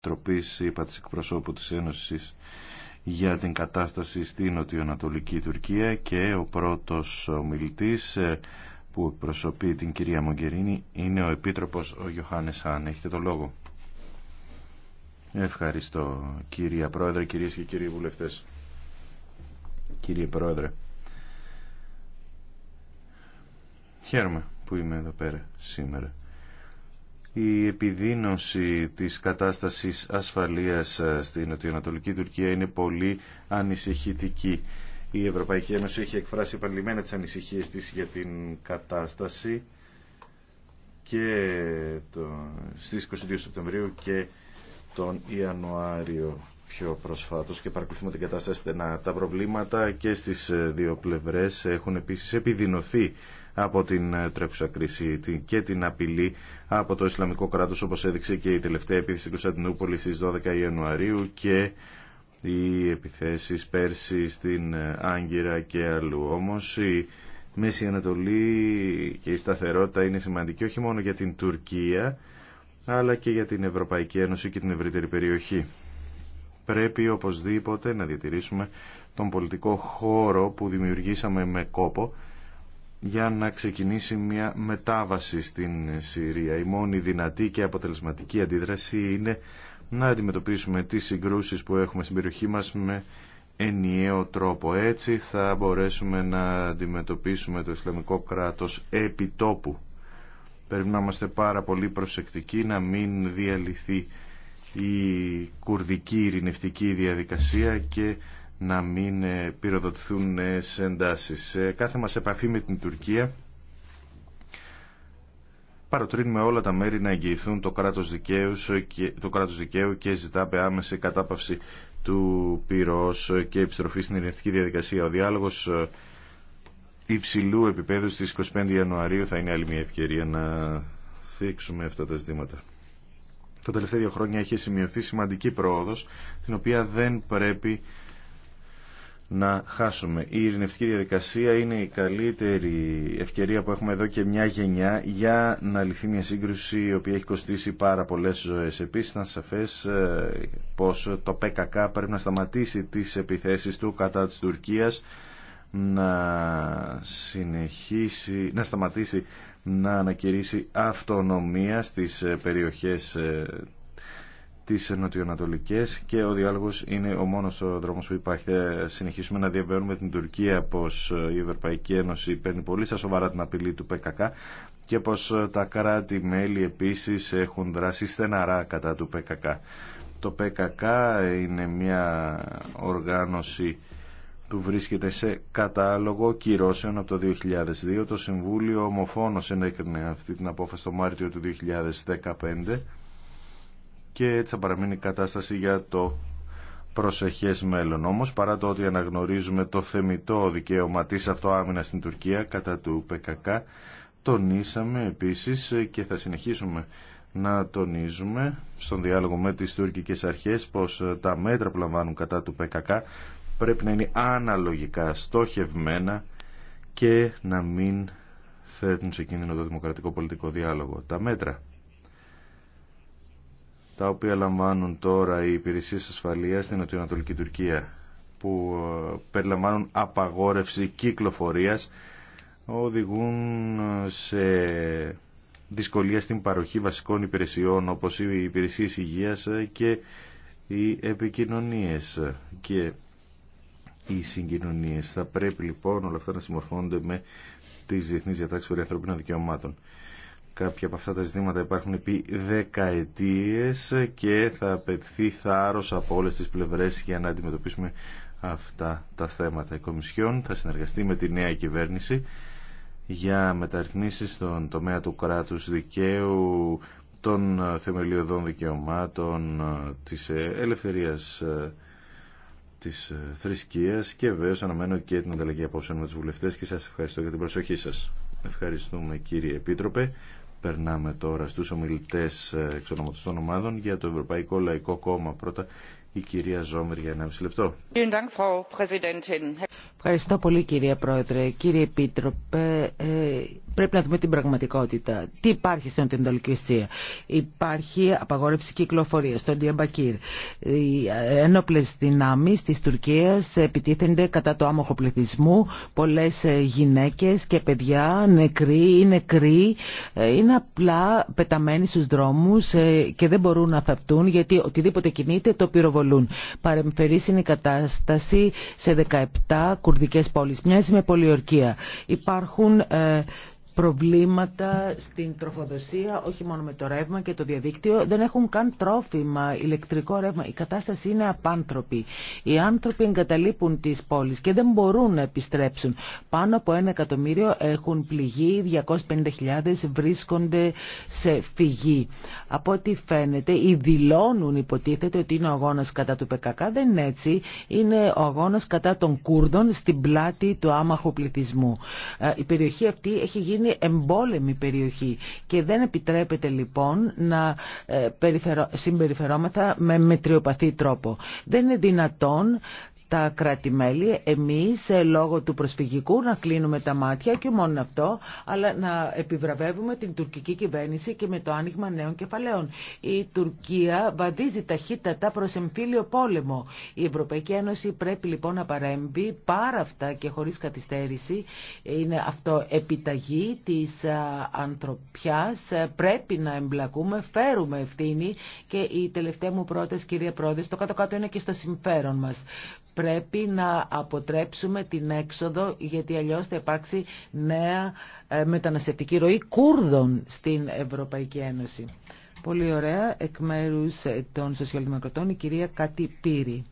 Τροπής είπα της εκπροσώπου της Ένωσης για την κατάσταση στην νοτιοανατολική Τουρκία και ο πρώτος ομιλητής ε, που εκπροσωπεί την κυρία Μογκερίνη είναι ο Επίτροπος ο Γιωχάνης Αν. Έχετε το λόγο. Ευχαριστώ κυρία Πρόεδρε, κυρίες και κύριοι βουλευτές. Κύριε Πρόεδρε, χαίρομαι που είμαι εδώ πέρα σήμερα η επιδείνωση της κατάστασης ασφαλείας ε, στην νοτιοανατολική Τουρκία είναι πολύ ανησυχητική. Η Ευρωπαϊκή Ένωση έχει εκφράσει επανειλημμένα τις ανησυχίες της για την κατάσταση και το, στις 22 Σεπτεμβρίου και τον Ιανουάριο πιο προσφάτως και παρακολουθούμε την κατάσταση στενά. Τα προβλήματα και στις ε, δύο πλευρές έχουν επίσης επιδεινωθεί από την ε, τρέχουσα κρίση και την απειλή από το Ισλαμικό κράτος όπως έδειξε και η τελευταία επίθεση του Κωνσταντινούπολη στις 12 Ιανουαρίου και οι επιθέσεις πέρσι στην ε, Άγκυρα και αλλού. Όμως η Μέση Ανατολή και η σταθερότητα είναι σημαντική όχι μόνο για την Τουρκία αλλά και για την Ευρωπαϊκή Ένωση και την ευρύτερη περιοχή. Πρέπει οπωσδήποτε να διατηρήσουμε τον πολιτικό χώρο που δημιουργήσαμε με κόπο για να ξεκινήσει μια μετάβαση στην Συρία. Η μόνη δυνατή και αποτελεσματική αντίδραση είναι να αντιμετωπίσουμε τις συγκρούσεις που έχουμε στην περιοχή μας με ενιαίο τρόπο. Έτσι θα μπορέσουμε να αντιμετωπίσουμε το Ισλαμικό κράτος επί τόπου. Πρέπει να είμαστε πάρα πολύ προσεκτικοί να μην διαλυθεί η κουρδική ειρηνευτική διαδικασία και να μην ε, πυροδοτηθούν νέες εντάσεις. Σε κάθε μας επαφή με την Τουρκία παροτρύνουμε όλα τα μέρη να εγγυηθούν το κράτος δικαίου και, το κράτος δικαίου και ζητάμε άμεση κατάπαυση του πυρός και επιστροφή στην ειρηνευτική διαδικασία. Ο διάλογος ε, υψηλού επίπεδου στις 25 Ιανουαρίου θα είναι άλλη μια ευκαιρία να θίξουμε αυτά τα ζητήματα. Τα τελευταία δύο χρόνια έχει σημειωθεί σημαντική πρόοδος, την οποία δεν πρέπει να χάσουμε. Η ειρηνευτική διαδικασία είναι η καλύτερη ευκαιρία που έχουμε εδώ και μια γενιά για να λυθεί μια σύγκρουση η οποία έχει κοστίσει πάρα πολλέ ζωέ επίση ήταν σαφέ ε, πως το ΠΚΚ πρέπει να σταματήσει τις επιθέσεις του κατά της Τουρκίας να συνεχίσει, να σταματήσει να ανακηρύσει αυτονομία στις ε, περιοχές ε, τι νοτιοανατολικές και ο διάλογο είναι ο μόνος δρόμο που υπάρχει. Θα συνεχίσουμε να διαβαίνουμε την Τουρκία πω η Ευρωπαϊκή Ένωση παίρνει πολύ στα σοβαρά την απειλή του ΠΚΚ και πως τα κράτη-μέλη επίσης έχουν δράσει στεναρά κατά του ΠΚΚ. Το ΠΚΚ είναι μια οργάνωση που βρίσκεται σε κατάλογο κυρώσεων από το 2002. Το Συμβούλιο ομοφόνος ενέκρινε αυτή την απόφαση το Μάρτιο του 2015 και έτσι θα παραμείνει η κατάσταση για το προσεχές μέλλον. Όμως παρά το ότι αναγνωρίζουμε το θεμητό δικαίωμα της αυτοάμυνας στην Τουρκία κατά του ΠΚΚ τονίσαμε επίσης και θα συνεχίσουμε να τονίζουμε στον διάλογο με τις τουρκικές αρχές πως τα μέτρα που λαμβάνουν κατά του ΠΚΚ πρέπει να είναι αναλογικά, στοχευμένα και να μην θέτουν σε κίνδυνο το δημοκρατικό πολιτικό διάλογο. Τα μέτρα τα οποία λαμβάνουν τώρα οι υπηρεσίες ασφαλείας στην Νοτιοανατολική Τουρκία που ε, περιλαμβάνουν απαγόρευση κυκλοφορίας οδηγούν ε, σε δυσκολία στην παροχή βασικών υπηρεσιών όπως οι υπηρεσίες υγείας ε, και οι επικοινωνίες και οι συγκοινωνίες. Θα πρέπει λοιπόν όλα αυτά να συμμορφώνονται με τις διεθνείς διατάξεις περί ανθρωπίνων δικαιωμάτων κάποια από αυτά τα ζητήματα υπάρχουν επί δεκαετίες και θα απαιτηθεί θάρρος από όλες τις πλευρές για να αντιμετωπίσουμε αυτά τα θέματα. Η Κομισιόν θα συνεργαστεί με τη νέα κυβέρνηση για μεταρρυθμίσεις στον τομέα του κράτους δικαίου, των θεμελιωδών δικαιωμάτων, της ελευθερίας της θρησκείας και βέβαια αναμένω και την ανταλλαγή απόψεων με τους βουλευτές και σας ευχαριστώ για την προσοχή σας. Ευχαριστούμε κύριε Επίτροπε. Περνάμε τώρα στους ομιλητές ε, εξ ομάδων για το Ευρωπαϊκό Λαϊκό Κόμμα πρώτα η κυρία Ζόμερ για 1,5 λεπτό. Ευχαριστώ πολύ κυρία Πρόεδρε. Κύριε Επίτροπε, ε, πρέπει να δούμε την πραγματικότητα. Τι υπάρχει στην Τεντολκησία. Υπάρχει απαγόρευση κυκλοφορία στον Διαμπακύρ. Οι ε, ένοπλε δυνάμει τη Τουρκία επιτίθενται κατά το άμοχο πληθυσμού. Πολλέ ε, γυναίκε και παιδιά, νεκροί ή νεκροί, είναι απλά πεταμένοι στου δρόμου και δεν μπορούν να θαυτούν γιατί οτιδήποτε κινείται το πυροβολούν. είναι η κατάσταση σε 17 κουρδικές πόλεις. Μοιάζει με πολιορκία. Υπάρχουν ε, προβλήματα στην τροφοδοσία, όχι μόνο με το ρεύμα και το διαδίκτυο, δεν έχουν καν τρόφιμα, ηλεκτρικό ρεύμα. Η κατάσταση είναι απάνθρωπη. Οι άνθρωποι εγκαταλείπουν τις πόλεις και δεν μπορούν να επιστρέψουν. Πάνω από ένα εκατομμύριο έχουν πληγεί, 250.000 βρίσκονται σε φυγή. Από ό,τι φαίνεται, οι δηλώνουν υποτίθεται ότι είναι ο αγώνας κατά του ΠΚΚ. Δεν είναι έτσι. Είναι ο αγώνας κατά των Κούρδων στην πλάτη του άμαχου πληθυσμού. Ε, η περιοχή αυτή έχει γίνει εμπόλεμη περιοχή και δεν επιτρέπεται λοιπόν να ε, συμπεριφερόμεθα με μετριοπαθή τρόπο. Δεν είναι δυνατόν τα κράτη-μέλη, εμείς ε, λόγω του προσφυγικού να κλείνουμε τα μάτια και μόνο αυτό, αλλά να επιβραβεύουμε την τουρκική κυβέρνηση και με το άνοιγμα νέων κεφαλαίων. Η Τουρκία βαδίζει ταχύτατα προς εμφύλιο πόλεμο. Η Ευρωπαϊκή Ένωση πρέπει λοιπόν να παρέμβει πάρα αυτά και χωρίς καθυστέρηση. Είναι αυτό επιταγή της ε, ανθρωπιάς. Ε, πρέπει να εμπλακούμε, φέρουμε ευθύνη και η τελευταία μου πρόταση κυρία Πρόεδρε, το κάτω-κάτω είναι και στο συμφέρον μας πρέπει να αποτρέψουμε την έξοδο γιατί αλλιώς θα υπάρξει νέα ε, μεταναστευτική ροή Κούρδων στην Ευρωπαϊκή Ένωση. Πολύ ωραία. Εκ μέρους ε, των Σοσιαλδημοκρατών η κυρία Κάτι Πύρη.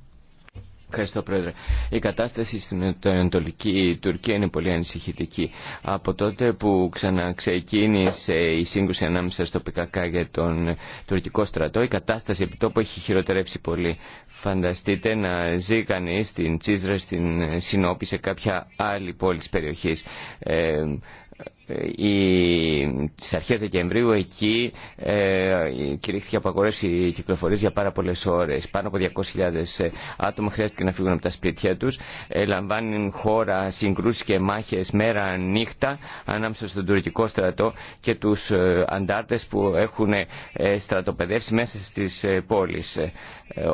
Ευχαριστώ, Πρόεδρε. Η κατάσταση στην Ανατολική Τουρκία είναι πολύ ανησυχητική. Από τότε που ξαναξεκίνησε η σύγκρουση ανάμεσα στο ΠΚΚ για τον τουρκικό στρατό, η κατάσταση επί τόπου έχει χειροτερέψει πολύ. Φανταστείτε να ζει κανεί στην Τσίζρα, στην Σινόπη, σε κάποια άλλη πόλη τη περιοχή. Ε, ε, στις αρχές Δεκεμβρίου εκεί ε, κηρύχθηκε απαγόρευση κυκλοφορίας για πάρα πολλέ ώρε. Πάνω από 200.000 ε, άτομα χρειάστηκε να φύγουν από τα σπίτια του. Ε, λαμβάνουν χώρα συγκρούσει και μάχε μέρα νύχτα ανάμεσα στον τουρκικό στρατό και του ε, αντάρτες που έχουν ε, στρατοπεδεύσει μέσα στι ε, πόλεις. Ε,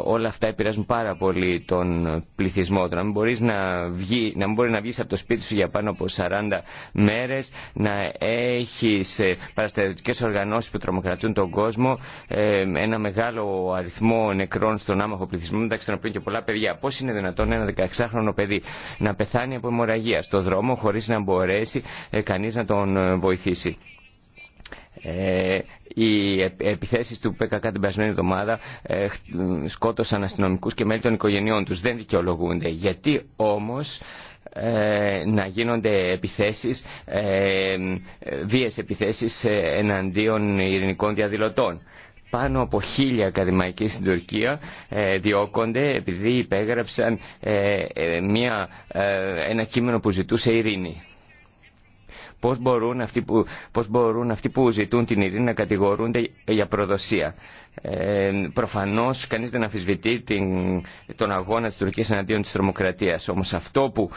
όλα αυτά επηρεάζουν πάρα πολύ τον πληθυσμό Να μην, μπορεί να, βγει, από το σπίτι σου για πάνω από 40 μέρε να σε παραστατικές οργανώσεις που τρομοκρατούν τον κόσμο, ένα μεγάλο αριθμό νεκρών στον άμαχο πληθυσμό, μεταξύ των οποίων και πολλά παιδιά. Πώς είναι δυνατόν ένα 16χρονο παιδί να πεθάνει από αιμορραγία στο δρόμο χωρίς να μπορέσει ε, κανείς να τον ε, βοηθήσει. Ε, οι επιθέσεις του ΠΚΚ την περασμένη εβδομάδα ε, σκότωσαν αστυνομικούς και μέλη των οικογενειών τους. Δεν δικαιολογούνται. Γιατί όμως ε, να γίνονται επιθέσεις, ε, βίες επιθέσεις εναντίον ειρηνικών διαδηλωτών. Πάνω από χίλια ακαδημαϊκοί στην Τουρκία ε, διώκονται επειδή υπέγραψαν μια, ένα κείμενο που ζητούσε ειρήνη. Πώς μπορούν αυτοί που, ζητούν την ειρήνη να κατηγορούνται για προδοσία. Ε, προφανώς κανείς δεν αμφισβητεί τον αγώνα της Τουρκίας εναντίον της τρομοκρατίας. Όμως αυτό που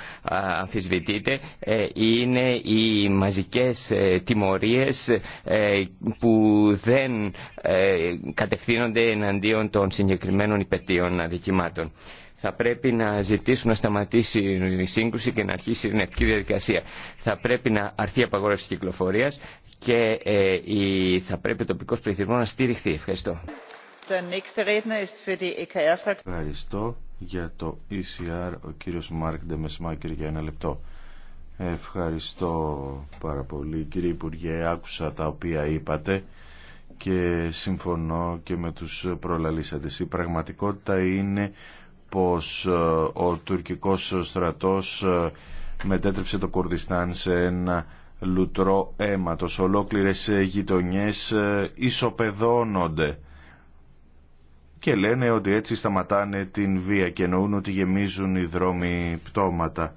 αμφισβητείται ε, είναι οι μαζικές ε, τιμωρίες ε, που δεν ε, κατευθύνονται εναντίον των συγκεκριμένων υπετίων αδικημάτων. Θα πρέπει να ζητήσουν να σταματήσει η σύγκρουση και να αρχίσει η ειρηνευτική διαδικασία. Θα πρέπει να αρθεί η απαγόρευση κυκλοφορία και ε, θα πρέπει ο τοπικό πληθυσμό να στηριχθεί. Ευχαριστώ. E Ευχαριστώ για το ECR ο κύριος Μάρκ Ντεμεσμάκερ για ένα λεπτό. Ευχαριστώ πάρα πολύ κύριε Υπουργέ, άκουσα τα οποία είπατε και συμφωνώ και με τους προλαλήσαντες. Η πραγματικότητα είναι πως ε, ο τουρκικός στρατός ε, μετέτρεψε το Κουρδιστάν σε ένα λουτρό αίματος. Ολόκληρες ε, γειτονιές ισοπεδώνονται και λένε ότι έτσι σταματάνε την βία και εννοούν ότι γεμίζουν οι δρόμοι πτώματα.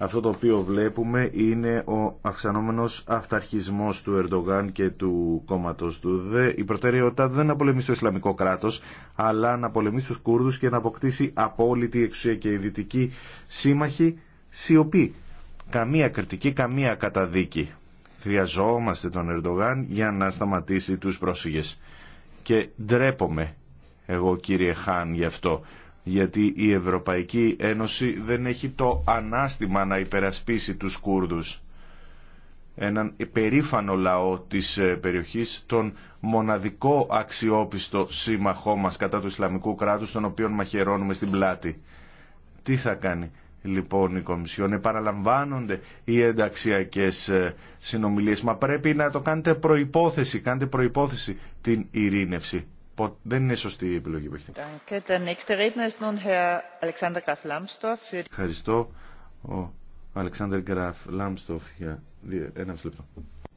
Αυτό το οποίο βλέπουμε είναι ο αυξανόμενος αυταρχισμός του Ερντογάν και του κόμματος του. Η προτεραιότητα δεν είναι να πολεμήσει το Ισλαμικό κράτος, αλλά να πολεμήσει τους Κούρδους και να αποκτήσει απόλυτη εξουσία και η δυτική σύμμαχη σιωπή. Καμία κριτική, καμία καταδίκη. Χρειαζόμαστε τον Ερντογάν για να σταματήσει τους πρόσφυγες. Και ντρέπομαι εγώ κύριε Χάν γι' αυτό γιατί η Ευρωπαϊκή Ένωση δεν έχει το ανάστημα να υπερασπίσει τους Κούρδους. Έναν περήφανο λαό της ε, περιοχής, τον μοναδικό αξιόπιστο σύμμαχό μας κατά του Ισλαμικού κράτους, τον οποίο μαχαιρώνουμε στην πλάτη. Τι θα κάνει λοιπόν η Κομισιόν, επαναλαμβάνονται οι ενταξιακές ε, συνομιλίες, μα πρέπει να το κάνετε προϋπόθεση, κάντε προϋπόθεση την ειρήνευση δεν είναι σωστή η επιλογή που έχετε. Ευχαριστώ. Ο Αλεξάνδρ Γκραφ Λάμστοφ για ένα λεπτό.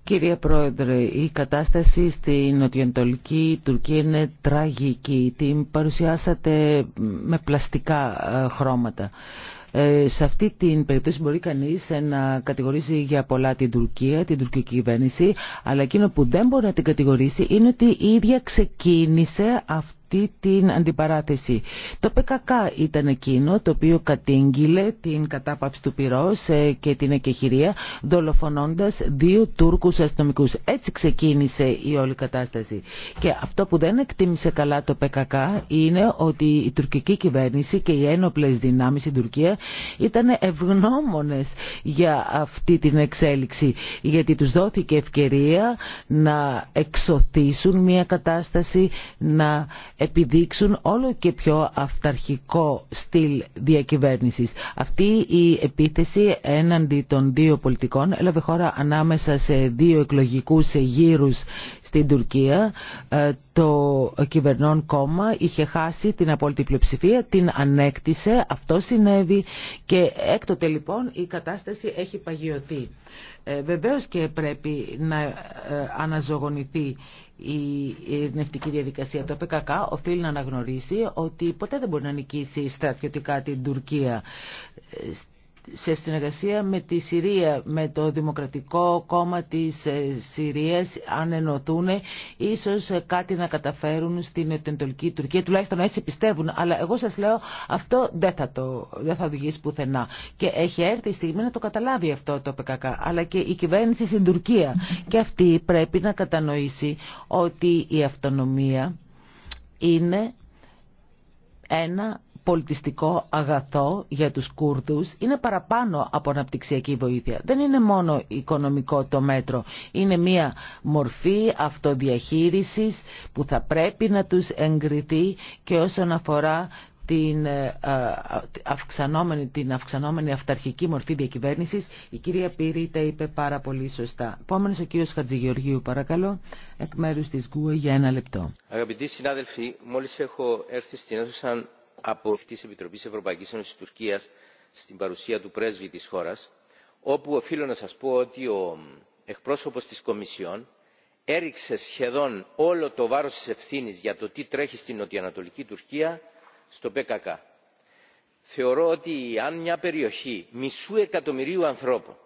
Κύριε Πρόεδρε, η κατάσταση στη νοτιοανατολική Τουρκία είναι τραγική. Την παρουσιάσατε με πλαστικά ε, χρώματα. Ε, σε αυτή την περίπτωση μπορεί κανείς ε, να κατηγορήσει για πολλά την Τουρκία, την τουρκική κυβέρνηση, αλλά εκείνο που δεν μπορεί να την κατηγορήσει είναι ότι η ίδια ξεκίνησε αυτό αυτή την αντιπαράθεση. Το ΠΚΚ ήταν εκείνο το οποίο κατήγγειλε την κατάπαυση του πυρός ε, και την εκεχηρία δολοφονώντας δύο Τούρκους αστυνομικούς. Έτσι ξεκίνησε η όλη κατάσταση. Και αυτό που δεν εκτίμησε καλά το ΠΚΚ είναι ότι η τουρκική κυβέρνηση και οι ένοπλες δυνάμεις στην Τουρκία ήταν ευγνώμονε για αυτή την εξέλιξη γιατί τους δόθηκε ευκαιρία να εξωθήσουν μια κατάσταση να επιδείξουν όλο και πιο αυταρχικό στυλ διακυβέρνησης. Αυτή η επίθεση έναντι των δύο πολιτικών έλαβε χώρα ανάμεσα σε δύο εκλογικούς γύρους στην Τουρκία ε, το κυβερνών κόμμα είχε χάσει την απόλυτη πλειοψηφία, την ανέκτησε, αυτό συνέβη και έκτοτε λοιπόν η κατάσταση έχει παγιωθεί. Ε, βεβαίως και πρέπει να ε, αναζωογονηθεί η ειρηνευτική διαδικασία. Το ΠΚΚ οφείλει να αναγνωρίσει ότι ποτέ δεν μπορεί να νικήσει στρατιωτικά την Τουρκία σε συνεργασία με τη Συρία, με το Δημοκρατικό Κόμμα της ε, Συρίας, αν ενωθούν, ίσως ε, κάτι να καταφέρουν στην Ετεντολική Τουρκία, τουλάχιστον έτσι πιστεύουν. Αλλά εγώ σας λέω, αυτό δεν θα, το, δεν θα οδηγήσει πουθενά. Και έχει έρθει η στιγμή να το καταλάβει αυτό το ΠΚΚ. Αλλά και η κυβέρνηση στην Τουρκία. Και αυτή πρέπει να κατανοήσει ότι η αυτονομία είναι ένα πολιτιστικό αγαθό για τους Κούρδους είναι παραπάνω από αναπτυξιακή βοήθεια. Δεν είναι μόνο οικονομικό το μέτρο. Είναι μια μορφή αυτοδιαχείρισης που θα πρέπει να τους εγκριθεί και όσον αφορά την ε, αυξανόμενη, την αυξανόμενη αυταρχική μορφή διακυβέρνησης. Η κυρία Πύρη τα είπε πάρα πολύ σωστά. Επόμενος ο κύριος Χατζηγεωργίου παρακαλώ, εκ μέρους της ΓΚΟΕ για ένα λεπτό. Αγαπητοί συνάδελφοι, μόλις έχω από τη Επιτροπή Ευρωπαϊκή Ένωση Τουρκία στην παρουσία του πρέσβη τη χώρα, όπου οφείλω να σα πω ότι ο εκπρόσωπο τη Κομισιόν έριξε σχεδόν όλο το βάρο τη ευθύνη για το τι τρέχει στην νοτιοανατολική Τουρκία στο ΠΚΚ. Θεωρώ ότι αν μια περιοχή μισού εκατομμυρίου ανθρώπων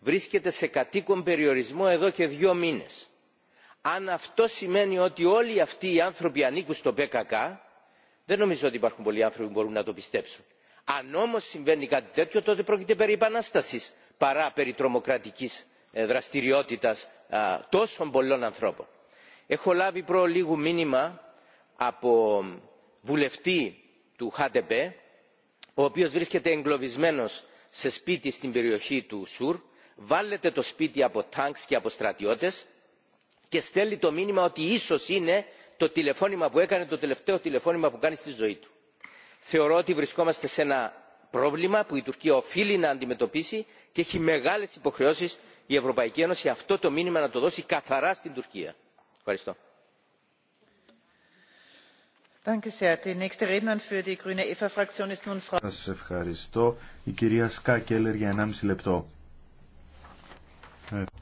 βρίσκεται σε κατοίκον περιορισμό εδώ και δύο μήνες, αν αυτό σημαίνει ότι όλοι αυτοί οι άνθρωποι ανήκουν στο ΠΚΚ, δεν νομίζω ότι υπάρχουν πολλοί άνθρωποι που μπορούν να το πιστέψουν. αν όμω συμβαίνει κάτι τέτοιο τότε πρόκειται περί επανάσταση παρά περί τρομοκρατική ε, δραστηριότητας τόσων πολλών ανθρώπων. έχω λάβει προ λίγου μήνυμα από βουλευτή του ΧΑΤΕΠ, ο οποίο βρίσκεται εγκλωβισμένος σε σπίτι στην περιοχή του σουρ βάλετε το σπίτι από τάγκ και από στρατιώτε και στέλνει το μήνυμα ότι ίσω είναι το τηλεφώνημα που έκανε, το τελευταίο τηλεφώνημα που κάνει στη ζωή του. Θεωρώ ότι βρισκόμαστε σε ένα πρόβλημα που η Τουρκία οφείλει να αντιμετωπίσει και έχει μεγάλες υποχρεώσεις η Ευρωπαϊκή Ένωση αυτό το μήνυμα να το δώσει καθαρά στην Τουρκία. Ευχαριστώ. Σας ευχαριστώ. Η κυρία Σκάκελερ για 1,5 λεπτό.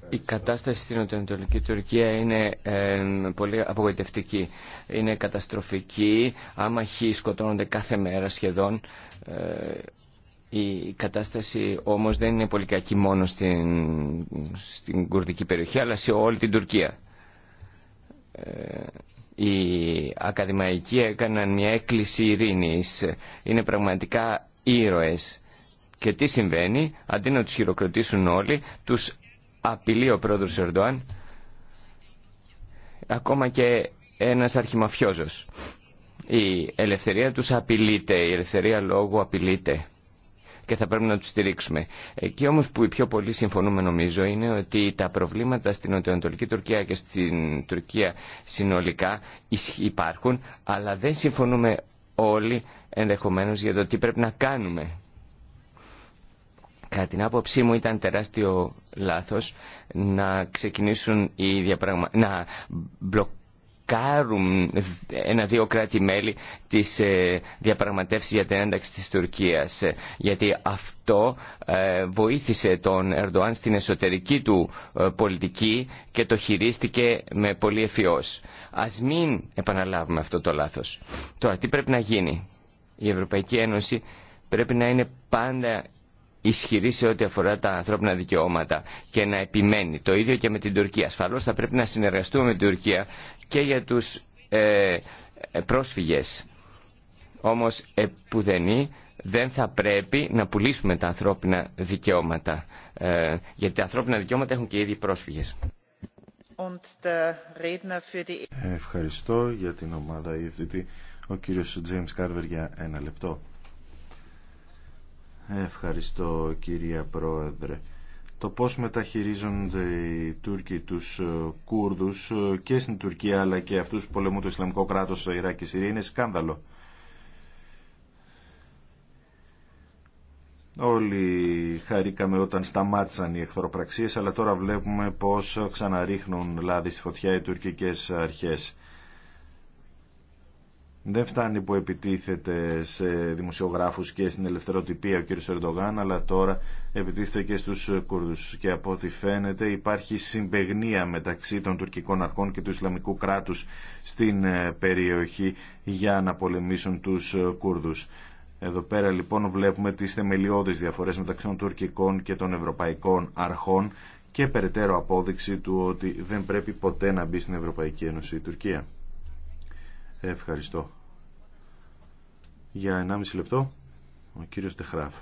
Η κατάσταση στην Νοτιοανατολική Τουρκία είναι πολύ απογοητευτική. Είναι καταστροφική, άμαχοι σκοτώνονται κάθε μέρα σχεδόν. Ε, η κατάσταση όμως δεν είναι πολύ κακή μόνο στην, στην κουρδική περιοχή, αλλά σε όλη την Τουρκία. Ε, οι ακαδημαϊκοί έκαναν μια έκκληση ειρήνης. Είναι πραγματικά ήρωες. Και τι συμβαίνει, αντί να τους χειροκροτήσουν όλοι, τους απειλεί ο πρόεδρος Ερντοάν ακόμα και ένας αρχιμαφιόζος. Η ελευθερία τους απειλείται, η ελευθερία λόγου απειλείται και θα πρέπει να τους στηρίξουμε. Εκεί όμως που οι πιο πολλοί συμφωνούμε νομίζω είναι ότι τα προβλήματα στην Νοτιοανατολική Τουρκία και στην Τουρκία συνολικά υπάρχουν, αλλά δεν συμφωνούμε όλοι ενδεχομένως για το τι πρέπει να κάνουμε Κατά την άποψή μου ήταν τεράστιο λάθος να ξεκινήσουν οι διαπραγμα... να μπλοκάρουν ένα-δύο κράτη-μέλη τις ε, διαπραγματεύσεις για την ένταξη της Τουρκίας. Ε, γιατί αυτό ε, βοήθησε τον Ερντοάν στην εσωτερική του πολιτική και το χειρίστηκε με πολύ εφιός. Ας μην επαναλάβουμε αυτό το λάθος. Τώρα, τι πρέπει να γίνει. Η Ευρωπαϊκή Ένωση πρέπει να είναι πάντα ισχυρή σε ό,τι αφορά τα ανθρώπινα δικαιώματα και να επιμένει. Το ίδιο και με την Τουρκία. Ασφαλώς θα πρέπει να συνεργαστούμε με την Τουρκία και για τους ε, πρόσφυγες. Όμως επουδενή δεν θα πρέπει να πουλήσουμε τα ανθρώπινα δικαιώματα. Ε, γιατί τα ανθρώπινα δικαιώματα έχουν και ήδη πρόσφυγες. Ευχαριστώ για την ομάδα e Ο κύριος James Carver για ένα λεπτό. Ευχαριστώ κυρία Πρόεδρε. Το πώς μεταχειρίζονται οι Τούρκοι τους ε, Κούρδους ε, και στην Τουρκία αλλά και αυτούς που πολεμούν το Ισλαμικό κράτος στο Ιράκ και Συρία είναι σκάνδαλο. Όλοι χαρήκαμε όταν σταμάτησαν οι εχθροπραξίες αλλά τώρα βλέπουμε πως ξαναρίχνουν λάδι στη φωτιά οι τουρκικές αρχές. Δεν φτάνει που επιτίθεται σε δημοσιογράφους και στην ελευθεροτυπία ο κ. Ερντογάν, αλλά τώρα επιτίθεται και στους Κούρδους. Και από ό,τι φαίνεται υπάρχει συμπεγνία μεταξύ των τουρκικών αρχών και του Ισλαμικού κράτους στην ε, περιοχή για να πολεμήσουν τους ε, Κούρδους. Εδώ πέρα λοιπόν βλέπουμε τις θεμελιώδεις διαφορές μεταξύ των τουρκικών και των ευρωπαϊκών αρχών και περαιτέρω απόδειξη του ότι δεν πρέπει ποτέ να μπει στην Ευρωπαϊκή Ένωση η Τουρκία. Ευχαριστώ. Για 1,5 λεπτό, ο κύριος Τεχράφ.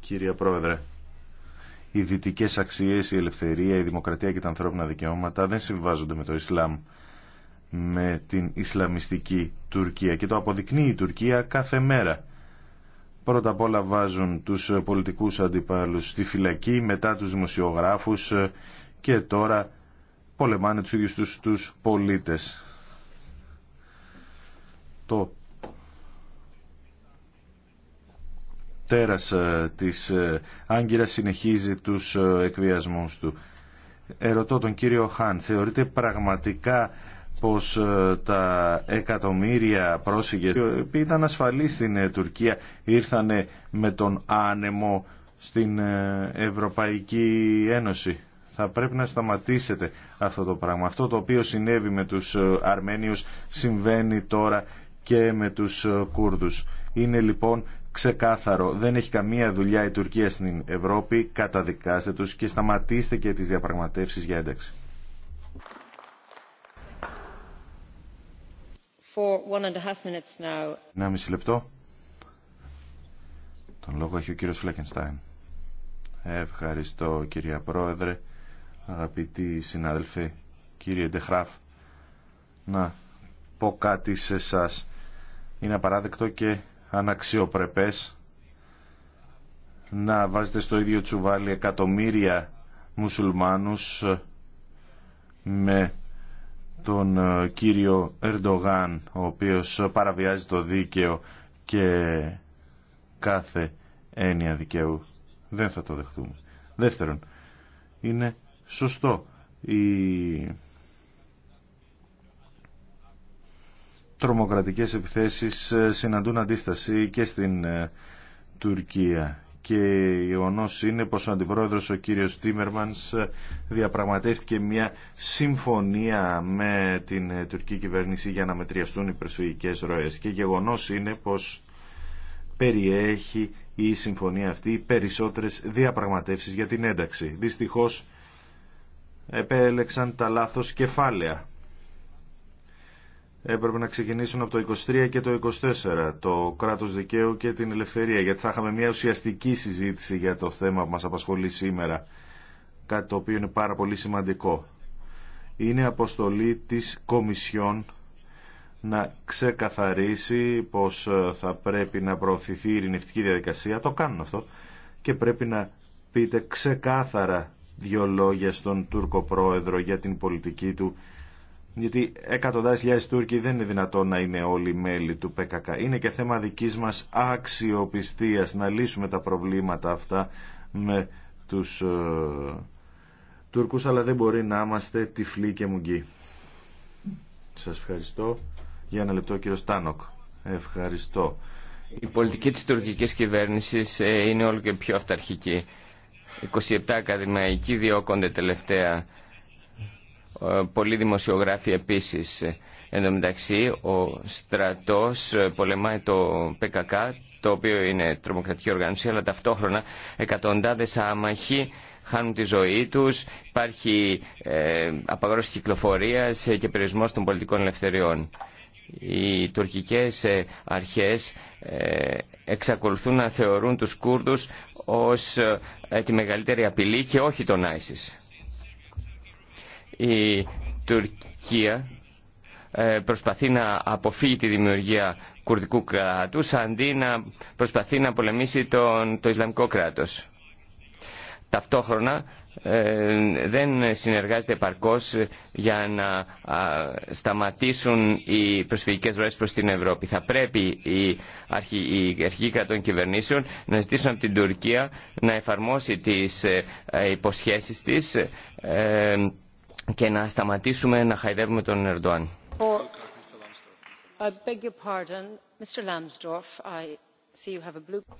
Κύριε Πρόεδρε, οι δυτικέ αξίες, η ελευθερία, η δημοκρατία και τα ανθρώπινα δικαιώματα δεν συμβάζονται με το Ισλάμ, με την Ισλαμιστική Τουρκία και το αποδεικνύει η Τουρκία κάθε μέρα. Πρώτα απ' όλα βάζουν τους πολιτικούς αντιπάλους στη φυλακή, μετά τους δημοσιογράφους και τώρα πολεμάνε τους ίδιους τους, τους το τέρας ε, της ε, Άγκυρας συνεχίζει τους ε, εκβιασμούς του. Ερωτώ τον κύριο Χάν, θεωρείτε πραγματικά πως τα εκατομμύρια πρόσφυγες που ήταν ασφαλείς στην Τουρκία ήρθανε με τον άνεμο στην Ευρωπαϊκή Ένωση. Θα πρέπει να σταματήσετε αυτό το πράγμα. Αυτό το οποίο συνέβη με τους Αρμένιους συμβαίνει τώρα και με τους ε, Κούρδους. Είναι λοιπόν ξεκάθαρο, δεν έχει καμία δουλειά η Τουρκία στην Ευρώπη, καταδικάστε τους και σταματήστε και τις διαπραγματεύσεις για ένταξη. Ένα μισή λεπτό. Τον λόγο έχει ο κύριος Φλέκενστάιν. Ευχαριστώ κυρία Πρόεδρε, αγαπητοί συνάδελφοι, κύριε Ντεχράφ. Να πω κάτι σε εσάς είναι απαράδεκτο και αναξιοπρεπές να βάζετε στο ίδιο τσουβάλι εκατομμύρια μουσουλμάνους με τον ε, κύριο Ερντογάν ο οποίος παραβιάζει το δίκαιο και κάθε έννοια δικαίου δεν θα το δεχτούμε. Δεύτερον, είναι σωστό η τρομοκρατικές επιθέσεις ε, συναντούν αντίσταση και στην ε, Τουρκία και γεγονό είναι πως ο αντιπρόεδρος ο κύριος Τίμερμανς ε, διαπραγματεύτηκε μια συμφωνία με την τουρκική κυβέρνηση για να μετριαστούν οι προσφυγικές ροές και γεγονός είναι πως περιέχει η συμφωνία αυτή περισσότερες διαπραγματεύσεις για την ένταξη. Δυστυχώς επέλεξαν τα λάθος κεφάλαια έπρεπε να ξεκινήσουν από το 23 και το 24, το κράτος δικαίου και την ελευθερία, γιατί θα είχαμε μια ουσιαστική συζήτηση για το θέμα που μας απασχολεί σήμερα, κάτι το οποίο είναι πάρα πολύ σημαντικό. Είναι αποστολή της Κομισιόν να ξεκαθαρίσει πως ε, θα πρέπει να προωθηθεί η ειρηνευτική διαδικασία, το κάνουν αυτό, και πρέπει να πείτε ξεκάθαρα δύο λόγια στον Τούρκο Πρόεδρο για την πολιτική του γιατί εκατοντάδες χιλιάδες Τούρκοι δεν είναι δυνατόν να είναι όλοι μέλη του ΠΚΚ. Είναι και θέμα δικής μας αξιοπιστίας να λύσουμε τα προβλήματα αυτά με τους ε, Τούρκους, αλλά δεν μπορεί να είμαστε τυφλοί και μουγκοί. Σας ευχαριστώ. Για ένα λεπτό κύριο Στάνοκ. Ευχαριστώ. Η πολιτική της τουρκικής κυβέρνησης ε, είναι όλο και πιο αυταρχική. 27 ακαδημαϊκοί διώκονται τελευταία Πολλοί δημοσιογράφοι επίσης. Εν τω μεταξύ, ο στρατός ε, πολεμάει το ΠΚΚ, το οποίο είναι τρομοκρατική οργάνωση, αλλά ταυτόχρονα εκατοντάδες άμαχοι χάνουν τη ζωή τους, υπάρχει ε, απαγόρευση κυκλοφορίας και περιορισμός των πολιτικών ελευθεριών. Οι τουρκικές ε, αρχές ε, εξακολουθούν να θεωρούν τους Κούρδους ως τη μεγαλύτερη απειλή και όχι τον Άισις. Η Τουρκία ε, προσπαθεί να αποφύγει τη δημιουργία κουρδικού κράτους αντί να προσπαθεί να πολεμήσει τον, το Ισλαμικό κράτος. Ταυτόχρονα ε, δεν συνεργάζεται επαρκώς για να σταματήσουν οι προσφυγικές ροές προς την Ευρώπη. Θα πρέπει η αρχή οι αρχηγοί κρατών κυβερνήσεων να ζητήσουν από την Τουρκία να εφαρμόσει τις ε, υποσχέσεις της και να σταματήσουμε να χαϊδεύουμε τον Ερντοάν. Oh,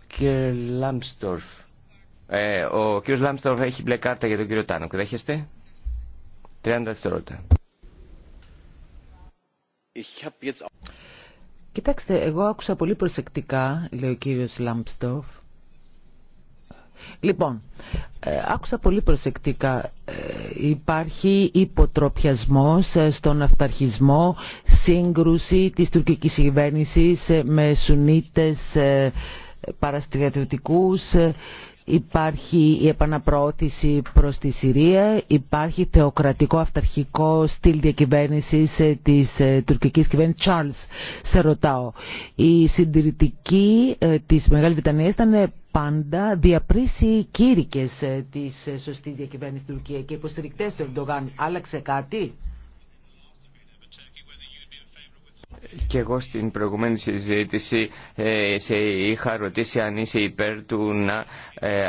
Κύριε Λάμπστορφ, ο κύριος Λάμστορφ έχει μπλε κάρτα για τον κύριο Τάνοκ. Δέχεστε. 30 δευτερόλεπτα. Κοιτάξτε, εγώ άκουσα πολύ προσεκτικά, λέει ο κύριος Λάμπστορφ, Λοιπόν, ε, άκουσα πολύ προσεκτικά. Ε, υπάρχει υποτροπιασμός ε, στον αυταρχισμό, σύγκρουση της τουρκικής κυβέρνηση με σουνίτες παραστρατιωτικούς υπάρχει η επαναπροώθηση προς τη Συρία, υπάρχει θεοκρατικό αυταρχικό στυλ διακυβέρνησης της τουρκικής κυβέρνησης. Charles, σε ρωτάω, η συντηρητική της Μεγάλης Βρετανίας ήταν πάντα διαπρίσει κήρυκες ε, της ε, σωστής διακυβέρνησης Τουρκία και υποστηρικτές του Ερντογάν. Άλλαξε κάτι. Και εγώ στην προηγουμένη συζήτηση ε, σε είχα ρωτήσει αν είσαι υπέρ του να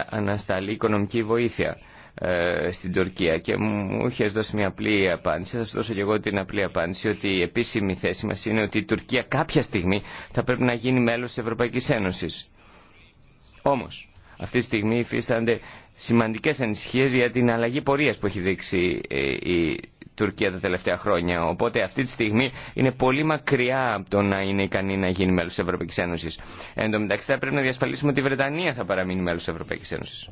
ανασταλεί οικονομική βοήθεια στην Τουρκία και μου είχε δώσει μια απλή απάντηση. Θα σου δώσω και εγώ την απλή απάντηση ότι η επίσημη θέση μας είναι ότι η Τουρκία κάποια στιγμή θα πρέπει να γίνει μέλος της Ευρωπαϊκής Ένωσης. Όμως, αυτή τη στιγμή υφίστανται σημαντικές ανησυχίες για την αλλαγή πορείας που έχει δείξει ε, η Τουρκία τα τελευταία χρόνια. Οπότε αυτή τη στιγμή είναι πολύ μακριά από το να είναι ικανή να γίνει μέλος της Ευρωπαϊκής Ένωσης. Εν τω μεταξύ θα πρέπει να διασφαλίσουμε ότι η Βρετανία θα παραμείνει μέλος της Ευρωπαϊκής Ένωσης.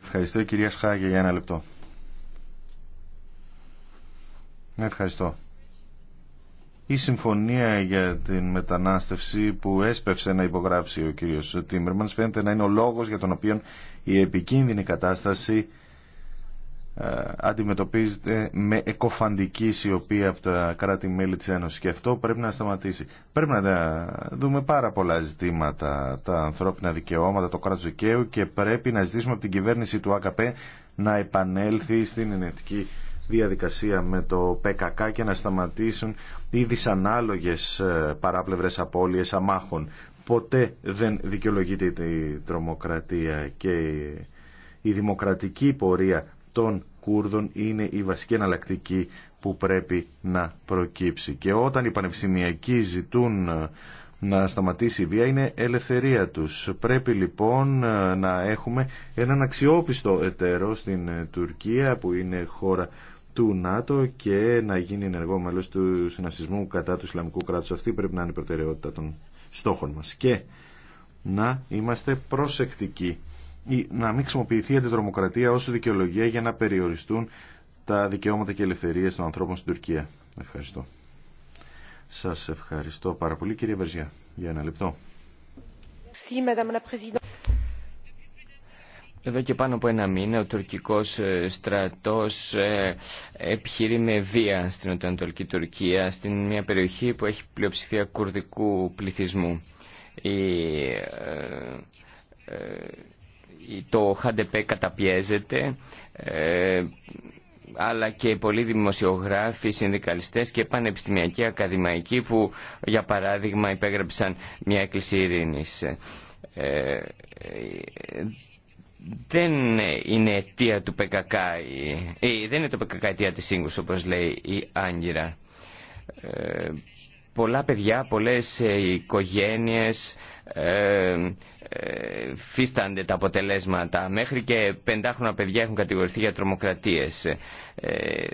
Ευχαριστώ κυρία Σχάγε για ένα λεπτό. Ευχαριστώ η συμφωνία για την μετανάστευση που έσπευσε να υπογράψει ο κύριος Τίμερμανς φαίνεται να είναι ο λόγος για τον οποίο η επικίνδυνη κατάσταση ε, αντιμετωπίζεται με εκοφαντική σιωπή από τα κράτη-μέλη της Ένωσης και αυτό πρέπει να σταματήσει. Πρέπει να δούμε πάρα πολλά ζητήματα, τα ανθρώπινα δικαιώματα, το κράτος δικαίου και πρέπει να ζητήσουμε από την κυβέρνηση του ΑΚΠ να επανέλθει στην ενετική διαδικασία με το ΠΚΚ και να σταματήσουν οι δυσανάλογες ε, παράπλευρες απώλειες αμάχων. Ποτέ δεν δικαιολογείται η τρομοκρατία και η δημοκρατική πορεία των Κούρδων είναι η βασική εναλλακτική που πρέπει να προκύψει. Και όταν οι πανεπιστημιακοί ζητούν ε, να σταματήσει η βία είναι ελευθερία τους. Πρέπει λοιπόν ε, να έχουμε έναν αξιόπιστο εταίρο στην Τουρκία που είναι χώρα του ΝΑΤΟ και να γίνει ενεργό μέλο του συνασπισμού κατά του Ισλαμικού κράτους. Αυτή πρέπει να είναι η προτεραιότητα των στόχων μας. Και να είμαστε προσεκτικοί ή να μην χρησιμοποιηθεί η αντιδρομοκρατία ως δικαιολογία για να περιοριστούν τα δικαιώματα και ελευθερίε των ανθρώπων στην Τουρκία. Ευχαριστώ. Σας ευχαριστώ πάρα πολύ κύριε Βερζιά. Για ένα λεπτό. Εδώ και πάνω από ένα μήνα ο τουρκικός ε, στρατός ε, επιχειρεί με βία στην Ανατολική Τουρκία, στην μια περιοχή που έχει πλειοψηφία κουρδικού πληθυσμού. Ε, το ΧΑΝΤΕΠΕ καταπιέζεται, αλλά και πολλοί δημοσιογράφοι, συνδικαλιστές και πανεπιστημιακοί ακαδημαϊκοί που, για παράδειγμα, υπέγραψαν μια έκκληση ειρήνης δεν είναι αιτία του ΠΚΚ, η ε, δεν είναι το ΠΚΚ αιτία της σύγκρουσης όπως λέει η Άγκυρα. Ε, πολλά παιδιά, πολλές ε, οικογένειες ε, ε, φίστανται τα αποτελέσματα. Μέχρι και πεντάχρονα παιδιά έχουν κατηγορηθεί για τρομοκρατίες. Ε,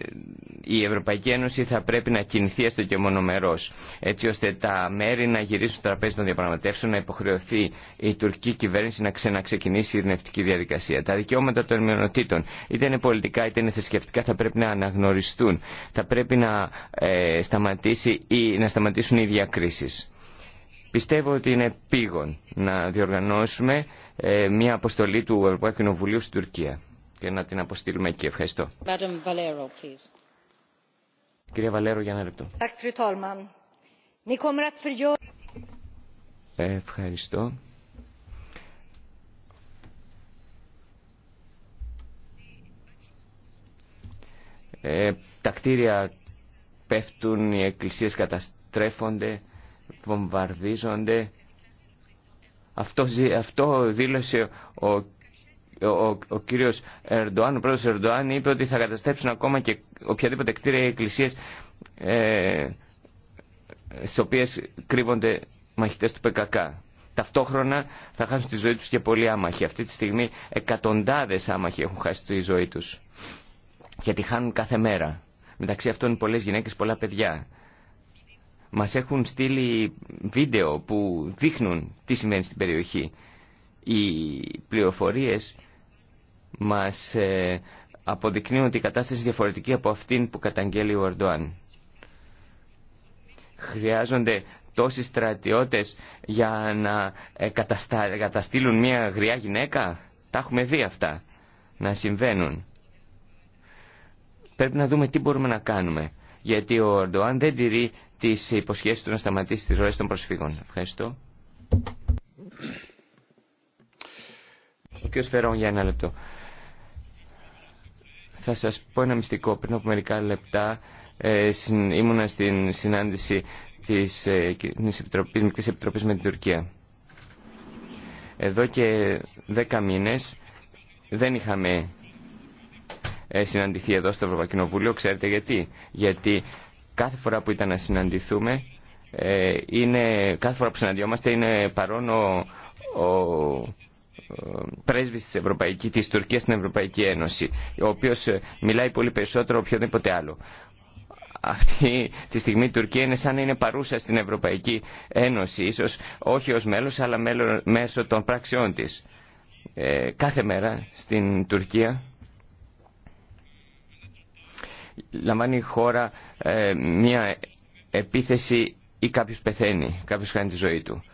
η Ευρωπαϊκή Ένωση θα πρέπει να κινηθεί έστω και μονομερό, έτσι ώστε τα μέρη να γυρίσουν στο τραπέζι των διαπραγματεύσεων, να υποχρεωθεί η τουρκική κυβέρνηση να ξαναξεκινήσει η ειρηνευτική διαδικασία. Τα δικαιώματα των μειονοτήτων, είτε είναι πολιτικά είτε είναι θρησκευτικά, θα πρέπει να αναγνωριστούν. Θα πρέπει να, σταματήσει ή, να σταματήσουν οι διακρίσει. Πιστεύω ότι είναι πήγον να διοργανώσουμε ε, μια αποστολή του Ευρωπαϊκού Κοινοβουλίου στην Τουρκία και να την αποστείλουμε εκεί. Ευχαριστώ. Valero, Κυρία Βαλέρο, για ένα λεπτό. Ευχαριστώ. Ε, τα κτίρια πέφτουν, οι εκκλησίες καταστρέφονται βομβαρδίζονται. Αυτό, αυτό δήλωσε ο, ο, ο κύριος Ερντοάν, ο πρόεδρος Ερντοάν είπε ότι θα καταστρέψουν ακόμα και οποιαδήποτε κτίρια ή εκκλησίες ε, στις οποίες κρύβονται μαχητές του ΠΚΚ. Ταυτόχρονα θα χάσουν τη ζωή τους και πολλοί άμαχοι. Αυτή τη στιγμή εκατοντάδες άμαχοι έχουν χάσει τη ζωή τους. Γιατί χάνουν κάθε μέρα. Μεταξύ αυτών πολλές γυναίκες, πολλά παιδιά. Μας έχουν στείλει βίντεο που δείχνουν τι συμβαίνει στην περιοχή. Οι πληροφορίες μας ε, αποδεικνύουν ότι η κατάσταση είναι διαφορετική από αυτήν που καταγγέλει ο Ερντοάν. Χρειάζονται τόσοι στρατιώτες για να ε, καταστήλουν μια γριά γυναίκα. Τα έχουμε δει αυτά να συμβαίνουν. Πρέπει να δούμε τι μπορούμε να κάνουμε. Γιατί ο Ερντοάν δεν τηρεί τις υποσχέσεις του να σταματήσει τις ροές των προσφύγων. Ευχαριστώ. Ο κ. Φερόν για ένα λεπτό. Θα σας πω ένα μυστικό. Πριν από μερικά λεπτά ε, ήμουνα στην συνάντηση της, ε, Επιτροπής με την Τουρκία. Εδώ και δέκα μήνες δεν είχαμε ε, συναντηθεί εδώ στο Ευρωπαϊκό Κοινοβούλιο. Ξέρετε γιατί. Γιατί κάθε φορά που ήταν να συναντηθούμε, ε, είναι, κάθε φορά που συναντιόμαστε είναι παρόν ο, ο, ο πρέσβης της, Ευρωπαϊκής, της Τουρκίας στην Ευρωπαϊκή Ένωση, ο οποίος ε, μιλάει πολύ περισσότερο οποιοδήποτε άλλο. Αυτή τη στιγμή η Τουρκία είναι σαν να είναι παρούσα στην Ευρωπαϊκή Ένωση, ίσως όχι ως μέλος αλλά μέλος, μέσω των πράξεών της. Ε, κάθε μέρα στην Τουρκία λαμβάνει η χώρα ε, μια επίθεση ή κάποιο πεθαίνει, κάποιο χάνει τη ζωή του.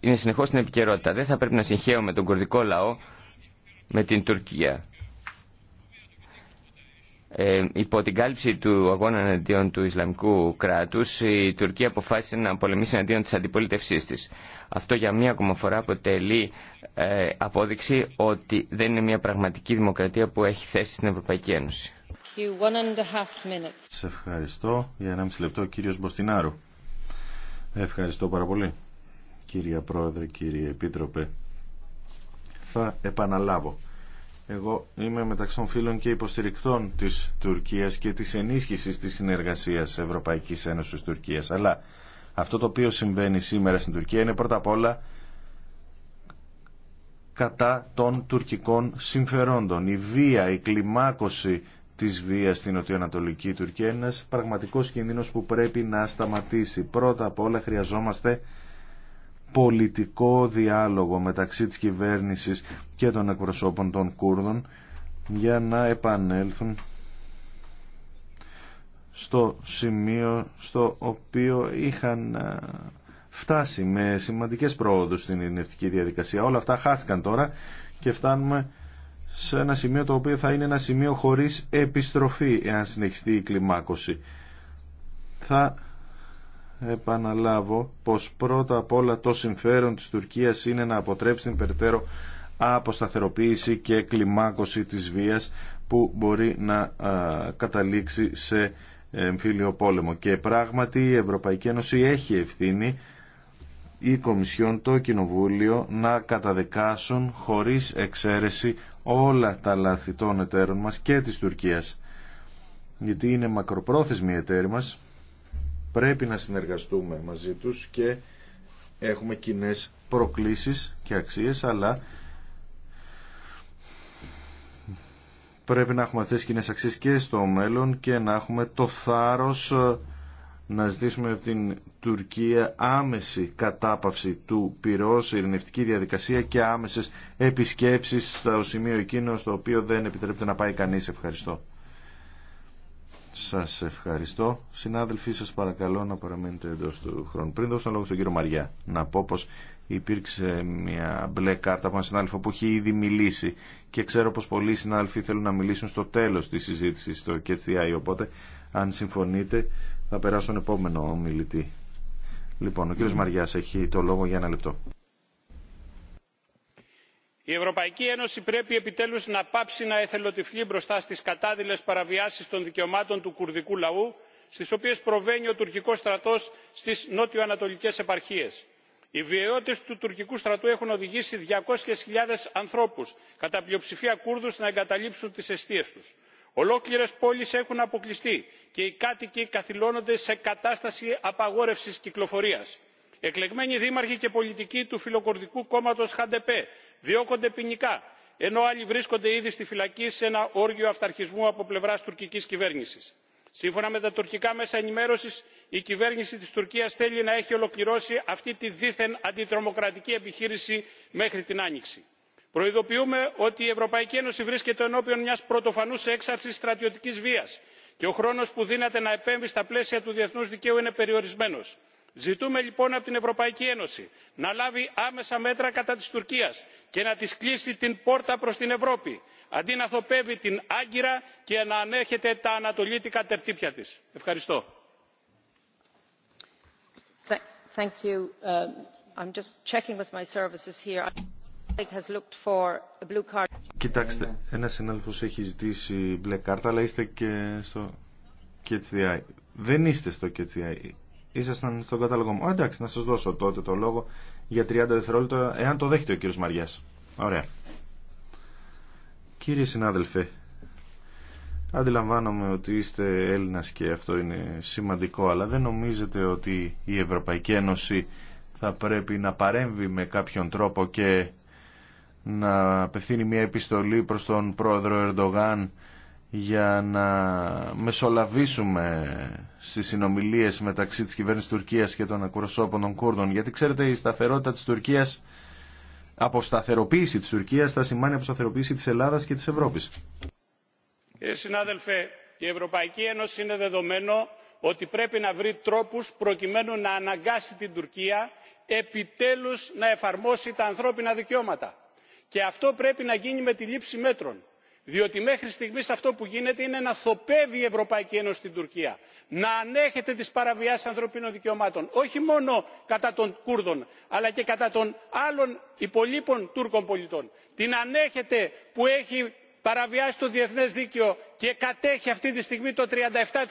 Είναι συνεχώ στην επικαιρότητα. Δεν θα πρέπει να συγχαίουμε τον κουρδικό λαό με την Τουρκία. Ε, υπό την κάλυψη του αγώνα εναντίον του Ισλαμικού κράτου, η Τουρκία αποφάσισε να πολεμήσει εναντίον τη αντιπολίτευσή τη. Αυτό για μία ακόμα φορά αποτελεί ε, απόδειξη ότι δεν είναι μια ακομα φορα αποτελει αποδειξη οτι δημοκρατία που έχει θέση στην Ευρωπαϊκή Ένωση. Σε ευχαριστώ για μισή λεπτό ο κύριος Μποστινάρου. Ευχαριστώ πάρα πολύ κύριε Πρόεδρε, κύριε Επίτροπε. Θα επαναλάβω. Εγώ είμαι μεταξύ των φίλων και υποστηρικτών της Τουρκίας και της ενίσχυσης της συνεργασίας Ευρωπαϊκής Ένωσης Τουρκίας. Αλλά αυτό το οποίο συμβαίνει σήμερα στην Τουρκία είναι πρώτα απ' όλα κατά των τουρκικών συμφερόντων. Η βία, η κλιμάκωση της βίας στην νοτιοανατολική Τουρκία είναι ένας πραγματικός κίνδυνος που πρέπει να σταματήσει. Πρώτα απ' όλα χρειαζόμαστε πολιτικό διάλογο μεταξύ της κυβέρνησης και των εκπροσώπων των Κούρδων για να επανέλθουν στο σημείο στο οποίο είχαν ε, φτάσει με σημαντικές πρόοδους στην ειρηνευτική διαδικασία. Όλα αυτά χάθηκαν τώρα και φτάνουμε σε ένα σημείο το οποίο θα είναι ένα σημείο χωρίς επιστροφή εάν συνεχιστεί η κλιμάκωση. Θα επαναλάβω πως πρώτα απ' όλα το συμφέρον της Τουρκίας είναι να αποτρέψει την περαιτέρω αποσταθεροποίηση και κλιμάκωση της βίας που μπορεί να καταλήξει σε εμφύλιο πόλεμο. Και πράγματι η Ευρωπαϊκή Ένωση έχει ευθύνη η Κομισιόν, το Κοινοβούλιο να καταδεκάσουν χωρίς εξαίρεση όλα τα λάθη των εταίρων μας και της Τουρκίας. Γιατί είναι μακροπρόθεσμοι οι εταίροι μας, πρέπει να συνεργαστούμε μαζί τους και έχουμε κοινέ προκλήσεις και αξίες, αλλά πρέπει να έχουμε αυτές κοινέ αξίες και στο μέλλον και να έχουμε το θάρρος ε, να ζητήσουμε από την Τουρκία άμεση κατάπαυση του πυρός, ειρηνευτική διαδικασία και άμεσες επισκέψεις στο σημείο εκείνο στο οποίο δεν επιτρέπεται να πάει κανείς. Ευχαριστώ. Σας ευχαριστώ. Συνάδελφοι, σας παρακαλώ να παραμένετε εντός του χρόνου. Πριν δώσω λόγο στον κύριο Μαριά, να πω πως υπήρξε μια μπλε κάρτα από έναν συνάδελφο που έχει ήδη μιλήσει και ξέρω πως πολλοί συνάδελφοι θέλουν να μιλήσουν στο τέλος της συζήτησης στο KTI, οπότε αν συμφωνείτε θα περάσω στον επόμενο μιλητή. Λοιπόν, ο κύριος Μαριάς έχει το λόγο για ένα λεπτό. Η Ευρωπαϊκή Ένωση πρέπει επιτέλους να πάψει να εθελοτυφλεί μπροστά στις κατάδυλες παραβιάσεις των δικαιωμάτων του κουρδικού λαού, στις οποίες προβαίνει ο τουρκικός στρατός στις νότιο-ανατολικές επαρχίες. Οι βιαιότητες του τουρκικού στρατού έχουν οδηγήσει 200.000 ανθρώπους, κατά πλειοψηφία Κούρδους, να εγκαταλείψουν τις αιστείες τους ολόκληρες πόλεις έχουν αποκλειστεί και οι κάτοικοι καθυλώνονται σε κατάσταση απαγόρευσης κυκλοφορίας. εκλεγμένοι δήμαρχοι και πολιτικοί του φιλοκουρδικού κόμματος χαντεπέ διώκονται ποινικά ενώ άλλοι βρίσκονται ήδη στη φυλακή σε ένα όργιο αυταρχισμού από πλευράς τουρκικής κυβέρνησης. σύμφωνα με τα τουρκικά μέσα ενημέρωσης η κυβέρνηση της τουρκίας θέλει να έχει ολοκληρώσει αυτή τη δίθεν αντιτρομοκρατική επιχείρηση μέχρι την άνοιξη προειδοποιούμε ότι η ευρωπαϊκή ένωση βρίσκεται ενώπιον μιας πρωτοφανούς έξαρσης στρατιωτικής βίας και ο χρόνος που δίνεται να επέμβει στα πλαίσια του διεθνούς δικαίου είναι περιορισμένος. ζητούμε λοιπόν από την ευρωπαϊκή ένωση να λάβει άμεσα μέτρα κατά της τουρκίας και να της κλείσει την πόρτα προς την ευρώπη αντί να θοπεύει την άγκυρα και να ανέχεται τα ανατολίτικα τερτύπια της. ευχαριστώ. Uh, Κοιτάξτε, ένας συνάδελφος έχει ζητήσει μπλε κάρτα, αλλά είστε και στο KTI. Δεν είστε στο KTI. Ήσασταν στον κατάλογο μου. Εντάξει, να σας δώσω τότε το λόγο για 30 δευτερόλεπτα, εάν το δέχεται ο κύριος Μαριάς. Ωραία. Κύριε συνάδελφε, αντιλαμβάνομαι ότι είστε Έλληνας και αυτό είναι σημαντικό, αλλά δεν νομίζετε ότι η Ευρωπαϊκή Ένωση θα πρέπει να παρέμβει με κάποιον τρόπο και να απευθύνει μια επιστολή προς τον πρόεδρο Ερντογάν για να μεσολαβήσουμε στις συνομιλίες μεταξύ της κυβέρνησης Τουρκίας και των ακροσώπων των Κούρδων. Γιατί ξέρετε η σταθερότητα της Τουρκίας, αποσταθεροποίηση της Τουρκίας θα σημαίνει αποσταθεροποίηση της Ελλάδας και της Ευρώπης. Κύριε συνάδελφε, η Ευρωπαϊκή Ένωση είναι δεδομένο ότι πρέπει να βρει τρόπους προκειμένου να αναγκάσει την Τουρκία επιτέλους να εφαρμόσει τα ανθρώπινα δικαιώματα και αυτό πρέπει να γίνει με τη λήψη μέτρων διότι μέχρι στιγμή αυτό που γίνεται είναι να θοπεύει η ευρωπαϊκή ένωση την τουρκία να ανέχεται τι παραβιάσει ανθρωπίνων δικαιωμάτων όχι μόνο κατά των κούρδων αλλά και κατά των άλλων υπολείπων τούρκων πολιτών την ανέχεται που έχει παραβιάσει το διεθνέ δίκαιο και κατέχει αυτή τη στιγμή το 37%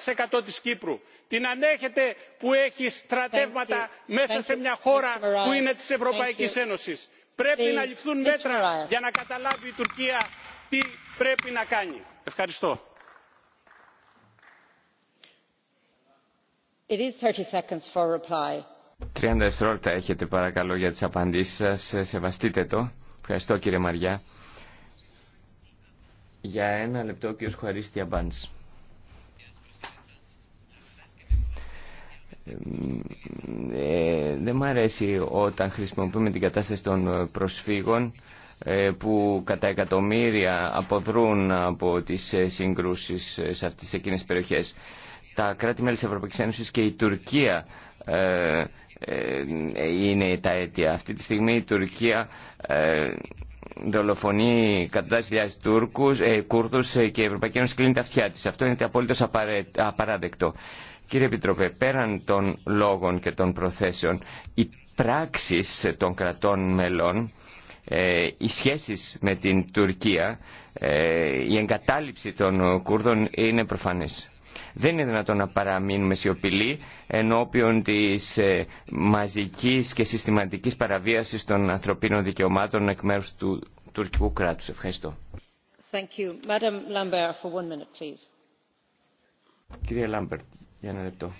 τη Κύπρου. Την ανέχεται που έχει στρατεύματα μέσα σε μια χώρα που είναι τη Ευρωπαϊκή Ένωση πρέπει να ληφθούν μέτρα για να καταλάβει η τουρκία τι πρέπει να κάνει. ευχαριστώ. It 30 seconds δευτερόλεπτα έχετε παρακαλώ για τις απαντήσεις σας. Σεβαστείτε το. Ευχαριστώ κύριε Μαριά. Για ένα λεπτό ο κύριος Χουαρίστια Μπάντς. Ε, δεν μου αρέσει όταν χρησιμοποιούμε την κατάσταση των προσφύγων ε, που κατά εκατομμύρια αποδρούν από τις ε, συγκρούσεις ε, σε αυτές εκείνες τις περιοχές. Τα κράτη-μέλη της Ευρωπαϊκής Ένωσης και η Τουρκία ε, είναι τα αίτια. Αυτή τη στιγμή η Τουρκία δολοφονεί κατά Τούρκους, Κούρδους και η Ευρωπαϊκή Ένωση κλείνει τα αυτιά της. Αυτό είναι απόλυτο απαράδεκτο. Κύριε Επιτροπέ, πέραν των λόγων και των προθέσεων, οι πράξεις των κρατών μελών, ε, οι σχέσεις με την Τουρκία, ε, η εγκατάλειψη των Κούρδων είναι προφανής. Δεν είναι δυνατόν να παραμείνουμε σιωπηλοί ενώπιον της ε, μαζικής και συστηματικής παραβίασης των ανθρωπίνων δικαιωμάτων εκ μέρους του τουρκικού κράτους. Ευχαριστώ. Κύριε Λάμπερτ, για ένα λεπτό.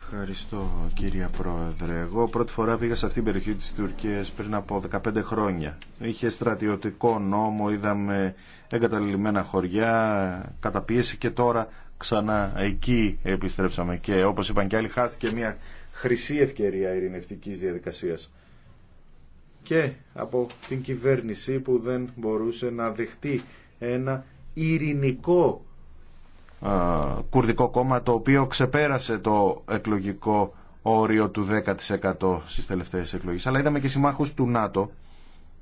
Ευχαριστώ κύριε Πρόεδρε. Εγώ πρώτη φορά πήγα σε αυτήν την περιοχή της Τουρκίας πριν από 15 χρόνια. Είχε στρατιωτικό νόμο, είδαμε εγκαταλειμμένα χωριά, καταπίεση και τώρα ξανά εκεί επιστρέψαμε. Και όπως είπαν και άλλοι χάθηκε μια χρυσή ευκαιρία ειρηνευτικής διαδικασίας. Και από την κυβέρνηση που δεν μπορούσε να δεχτεί ένα ειρηνικό κουρδικό κόμμα το οποίο ξεπέρασε το εκλογικό όριο του 10% στις τελευταίες εκλογές. Αλλά είδαμε και συμμάχους του ΝΑΤΟ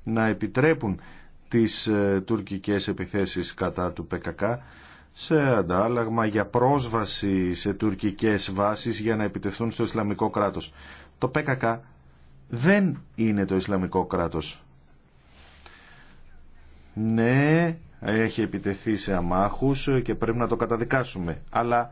να επιτρέπουν τις ε, τουρκικές επιθέσεις κατά του ΠΚΚ σε αντάλλαγμα για πρόσβαση σε τουρκικές βάσεις για να επιτεθούν στο Ισλαμικό κράτος. Το ΠΚΚ δεν είναι το Ισλαμικό κράτος. Ναι, έχει επιτεθεί σε αμάχους και πρέπει να το καταδικάσουμε. Αλλά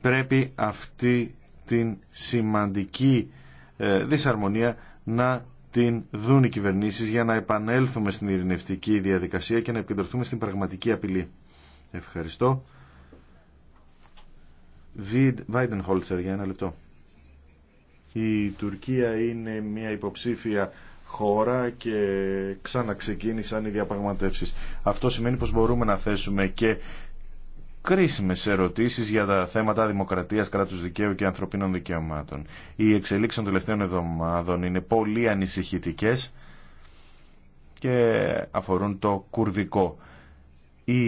πρέπει αυτή την σημαντική ε, δυσαρμονία να την δουν οι κυβερνήσεις για να επανέλθουμε στην ειρηνευτική διαδικασία και να επικεντρωθούμε στην πραγματική απειλή. Ευχαριστώ. Βάιντεν Χόλτσερ για ένα λεπτό. Η Τουρκία είναι μια υποψήφια χώρα και ξαναξεκίνησαν οι διαπραγματεύσεις. Αυτό σημαίνει πως μπορούμε να θέσουμε και κρίσιμες ερωτήσεις για τα θέματα δημοκρατίας, κράτους δικαίου και ανθρωπίνων δικαιωμάτων. Οι εξελίξεις των τελευταίων εβδομάδων είναι πολύ ανησυχητικές και αφορούν το κουρδικό. Η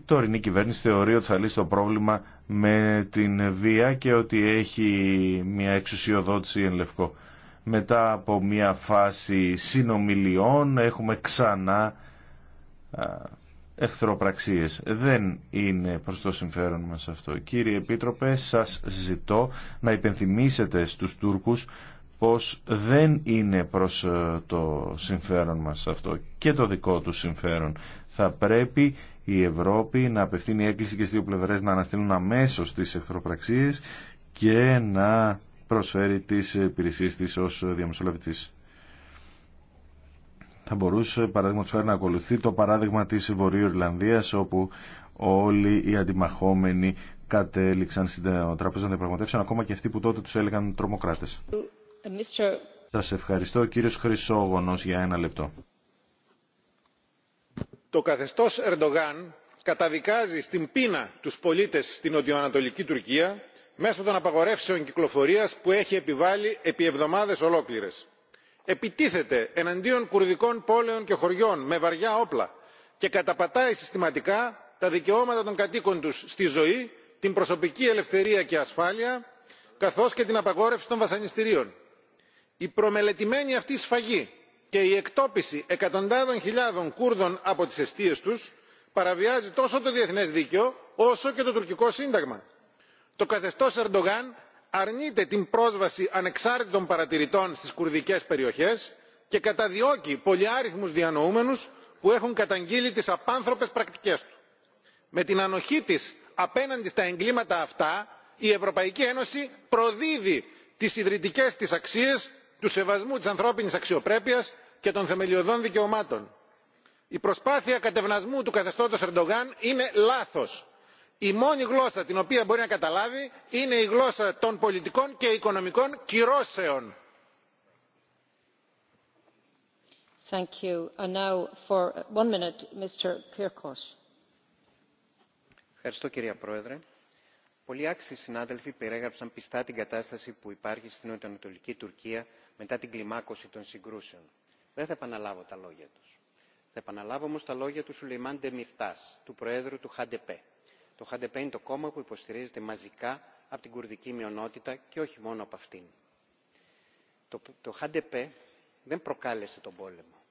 τωρινή κυβέρνηση θεωρεί ότι θα λύσει το πρόβλημα με την βία και ότι έχει μια εξουσιοδότηση εν λευκό. Μετά από μια φάση συνομιλιών έχουμε ξανά εχθροπραξίες. Δεν είναι προς το συμφέρον μας αυτό. Κύριε Επίτροπε, σας ζητώ να υπενθυμίσετε στους Τούρκους πως δεν είναι προς ε, το συμφέρον μας αυτό και το δικό του συμφέρον. Θα πρέπει η Ευρώπη να απευθύνει έκκληση και στις δύο πλευρές να αναστείλουν αμέσως τις εχθροπραξίες και να προσφέρει τις υπηρεσίες της ως διαμεσολαβητής. Θα μπορούσε παραδείγματος χάρη να ακολουθεί το παράδειγμα της Βορείου Ιρλανδίας όπου όλοι οι αντιμαχόμενοι κατέληξαν στην τραπέζα διαπραγματεύσεων ακόμα και αυτοί που τότε τους έλεγαν τρομοκράτες. Σας ευχαριστώ κύριος Χρυσόγονος για ένα λεπτό το καθεστώς ερντογάν καταδικάζει στην πείνα τους πολίτες στην νοτιοανατολική τουρκία μέσω των απαγορεύσεων κυκλοφορίας που έχει επιβάλει επί εβδομάδες ολόκληρες. επιτίθεται εναντίον κουρδικών πόλεων και χωριών με βαριά όπλα και καταπατάει συστηματικά τα δικαιώματα των κατοίκων τους στη ζωή την προσωπική ελευθερία και ασφάλεια καθώς και την απαγόρευση των βασανιστήριων. η προμελετημένη αυτή σφαγή και η εκτόπιση εκατοντάδων χιλιάδων κούρδων από τις αιστείες τους παραβιάζει τόσο το διεθνές δίκαιο όσο και το τουρκικό σύνταγμα. το καθεστώς ερντογάν αρνείται την πρόσβαση ανεξάρτητων παρατηρητών στις κουρδικές περιοχές και καταδιώκει πολυάριθμους διανοούμενους που έχουν καταγγείλει τις απάνθρωπες πρακτικές του. με την ανοχή της απέναντι στα εγκλήματα αυτά η ευρωπαϊκή ένωση προδίδει τις ιδρυτικές της αξίες του σεβασμού της ανθρώπινης αξιοπρέπειας και των θεμελιωδών δικαιωμάτων. η προσπάθεια κατευνασμού του καθεστώτος ερντογάν είναι λάθος. η μόνη γλώσσα την οποία μπορεί να καταλάβει είναι η γλώσσα των πολιτικών και οικονομικών κυρώσεων. Ευχαριστώ κυρία Πρόεδρε. Πολλοί άξιοι συνάδελφοι περιέγραψαν πιστά την κατάσταση που υπάρχει στην νοτιοανατολική Τουρκία μετά την κλιμάκωση των συγκρούσεων δεν θα επαναλάβω τα λόγια τους. Θα επαναλάβω όμως τα λόγια του Σουλεϊμάν Ντεμιρτάς, του Προέδρου του ΧΑΝΤΕΠΕ. Το ΧΑΝΤΕΠΕ είναι το κόμμα που υποστηρίζεται μαζικά από την κουρδική μειονότητα και όχι μόνο από αυτήν. Το, το ΧΑΝΤΕΠΕ δεν προκάλεσε τον πόλεμο.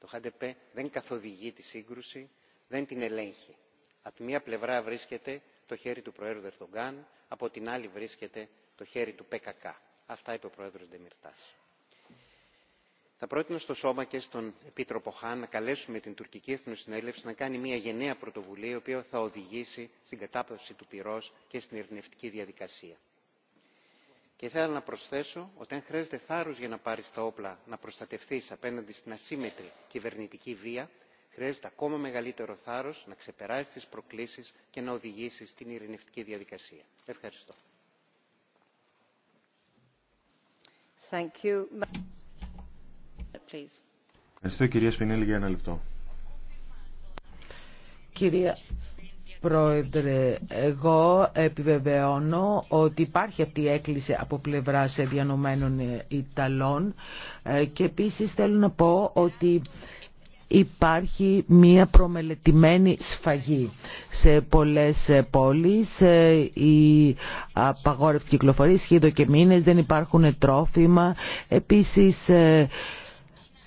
Το ΧΑΝΤΕΠΕ δεν καθοδηγεί τη σύγκρουση, δεν την ελέγχει. Από μία πλευρά βρίσκεται το χέρι του Προέδρου Ερντογκάν, από την άλλη βρίσκεται το χέρι του ΠΚΚ. Αυτά είπε ο Πρόεδρος Ντεμιρτάς θα πρότεινα στο σώμα και στον επίτροπο ΧΑΝ να καλέσουμε την τουρκική εθνοσυνέλευση να κάνει μια γενναία πρωτοβουλία η οποία θα οδηγήσει στην κατάπαυση του πυρό και στην ειρηνευτική διαδικασία. Και θέλω να προσθέσω ότι αν χρειάζεται θάρρο για να πάρει τα όπλα να προστατευτεί απέναντι στην ασύμετρη κυβερνητική βία, χρειάζεται ακόμα μεγαλύτερο θάρρο να ξεπεράσει τι προκλήσει και να οδηγήσει στην ειρηνευτική διαδικασία. Ευχαριστώ. Thank you. Ευχαριστώ κυρία Σπινέλη για ένα λεπτό. Κυρία Πρόεδρε, εγώ επιβεβαιώνω ότι υπάρχει αυτή η έκκληση από πλευρά διανομένων Ιταλών ε, και επίσης θέλω να πω ότι υπάρχει μία προμελετημένη σφαγή. Σε πολλές πόλεις ε, η απαγόρευτη κυκλοφορία σχεδόν και μήνες, δεν υπάρχουν τρόφιμα. Επίσης ε,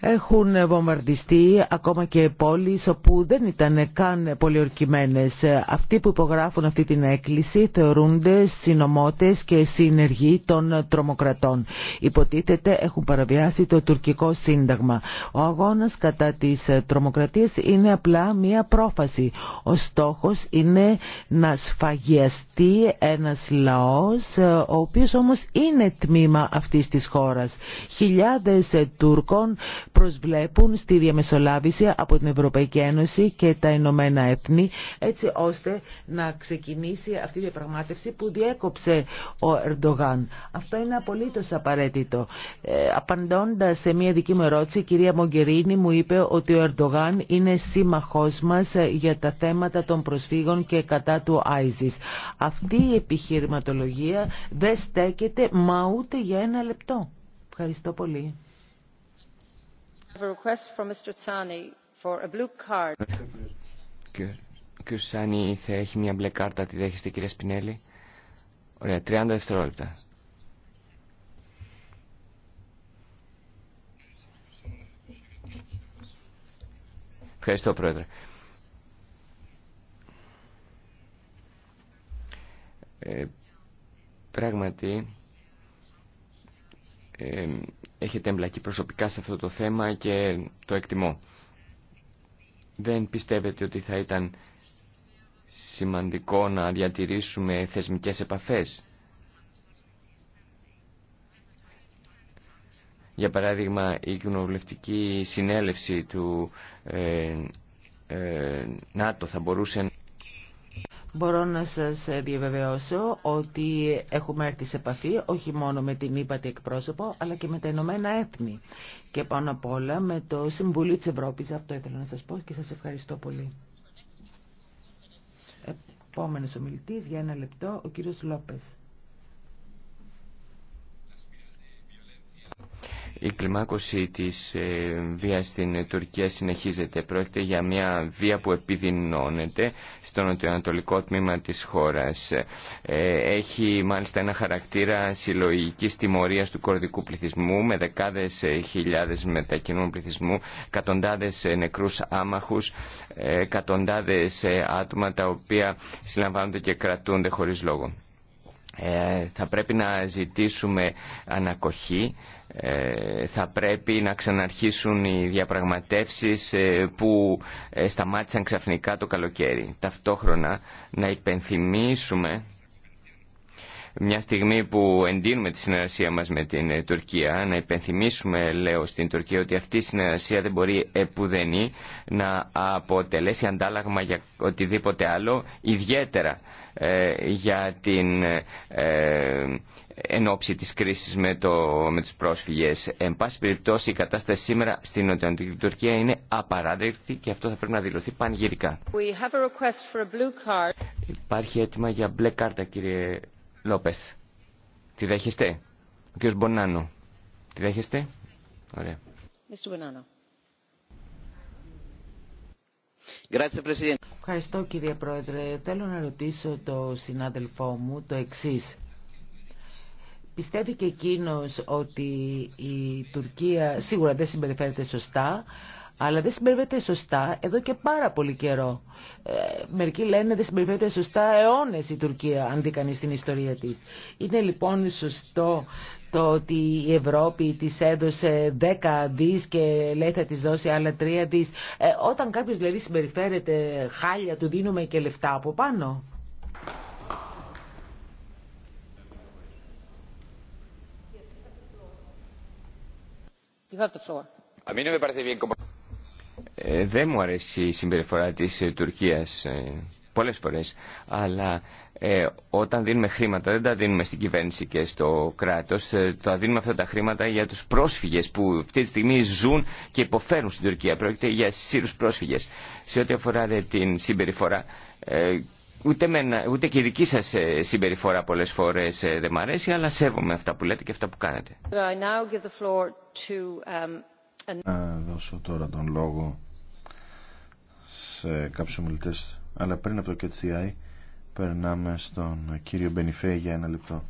έχουν βομβαρδιστεί ακόμα και πόλεις όπου δεν ήταν καν πολιορκημένες. Αυτοί που υπογράφουν αυτή την έκκληση θεωρούνται συνομότες και συνεργοί των τρομοκρατών. Υποτίθεται έχουν παραβιάσει το τουρκικό σύνταγμα. Ο αγώνας κατά της τρομοκρατίας είναι απλά μία πρόφαση. Ο στόχος είναι να σφαγιαστεί ένας λαός ο οποίος όμως είναι τμήμα αυτής της χώρας. Χιλιάδες Τούρκων προσβλέπουν στη διαμεσολάβηση από την Ευρωπαϊκή Ένωση και τα Ηνωμένα Έθνη έτσι ώστε να ξεκινήσει αυτή η διαπραγμάτευση που διέκοψε ο Ερντογάν. Αυτό είναι απολύτως απαραίτητο. Ε, απαντώντας σε μια δική μου ερώτηση, η κυρία Μογκερίνη μου είπε ότι ο Ερντογάν είναι σύμμαχός μας για τα θέματα των προσφύγων και κατά του ISIS. Αυτή η επιχειρηματολογία δεν στέκεται μα ούτε για ένα λεπτό. Ευχαριστώ πολύ. Κύριο Σάνι, θα έχει μια μπλε κάρτα, τη δέχεστε κύριε Σπινέλη. Ωραία, 30 δευτερόλεπτα. Ευχαριστώ, Πρόεδρε. Ε, πράγματι, έχετε εμπλακεί προσωπικά σε αυτό το θέμα και το εκτιμώ. Δεν πιστεύετε ότι θα ήταν σημαντικό να διατηρήσουμε θεσμικές επαφές. Για παράδειγμα, η κοινοβουλευτική συνέλευση του ε, ε, ΝΑΤΟ θα μπορούσε Μπορώ να σας διαβεβαιώσω ότι έχουμε έρθει σε επαφή όχι μόνο με την ύπατη εκπρόσωπο αλλά και με τα Ηνωμένα Έθνη και πάνω απ' όλα με το Συμβούλιο της Ευρώπης. Αυτό ήθελα να σας πω και σας ευχαριστώ πολύ. Επόμενος ομιλητής για ένα λεπτό, ο κύριος Λόπες. Η κλιμάκωση της ε, βίας στην Τουρκία συνεχίζεται. Πρόκειται για μια βία που επιδεινώνεται στο νοτιοανατολικό τμήμα της χώρας. Ε, έχει μάλιστα ένα χαρακτήρα συλλογικής τιμωρίας του κορδικού πληθυσμού με δεκάδες ε, χιλιάδες μετακινούν πληθυσμού, εκατοντάδες νεκρούς άμαχους, εκατοντάδες άτομα τα οποία συλλαμβάνονται και κρατούνται χωρίς λόγο. Ε, θα πρέπει να ζητήσουμε ανακοχή, ε, θα πρέπει να ξαναρχίσουν οι διαπραγματεύσεις ε, που σταμάτησαν ξαφνικά το καλοκαίρι. Ταυτόχρονα να υπενθυμίσουμε μια στιγμή που εντείνουμε τη συνεργασία μας με την ε, Τουρκία, να υπενθυμίσουμε, λέω, στην Τουρκία ότι αυτή η συνεργασία δεν μπορεί επουδενή να αποτελέσει αντάλλαγμα για οτιδήποτε άλλο, ιδιαίτερα ε, για την ε, ενόψη της κρίσης με, το, με τους πρόσφυγες. Εν πάση περιπτώσει η κατάσταση σήμερα στην Νοτιοανατολική Τουρκία είναι απαράδεκτη και αυτό θα πρέπει να δηλωθεί πανηγυρικά. Υπάρχει αίτημα για μπλε κάρτα κύριε Λόπεθ. Τη δέχεστε. Ο κύριος Μπονάνο. Τη δέχεστε. Ωραία. Ευχαριστώ κύριε Πρόεδρε. Θέλω να ρωτήσω το συνάδελφό μου το εξής. Πιστεύει και εκείνος ότι η Τουρκία σίγουρα δεν συμπεριφέρεται σωστά, αλλά δεν συμπεριφέρεται σωστά εδώ και πάρα πολύ καιρό. Ε, μερικοί λένε δεν συμπεριφέρεται σωστά αιώνε η Τουρκία, αν δει κανεί την ιστορία τη. Είναι λοιπόν σωστό το ότι η Ευρώπη τη έδωσε 10 δι και λέει θα της δώσει άλλα 3 δι. Ε, όταν κάποιο δηλαδή συμπεριφέρεται χάλια, του δίνουμε και λεφτά από πάνω. Ε, δεν μου αρέσει η συμπεριφορά της ε, Τουρκίας ε, πολλές φορές, αλλά όταν δίνουμε χρήματα δεν τα δίνουμε στην κυβέρνηση και στο κράτος, ε, τα δίνουμε αυτά τα χρήματα για τους πρόσφυγες που αυτή τη στιγμή ζουν και υποφέρουν στην Τουρκία. Πρόκειται για σύρους πρόσφυγες. Σε ό,τι αφορά δε, την συμπεριφορά, ούτε, με, ούτε και η δική σας συμπεριφορά πολλές φορές δεν μ' αρέσει, αλλά σέβομαι αυτά που λέτε και αυτά που κάνετε. Um, Να δώσω τώρα τον λόγο σε κάποιους ομιλητές αλλά πριν από το KTI περνάμε στον κύριο Μπενιφέ για ένα λεπτό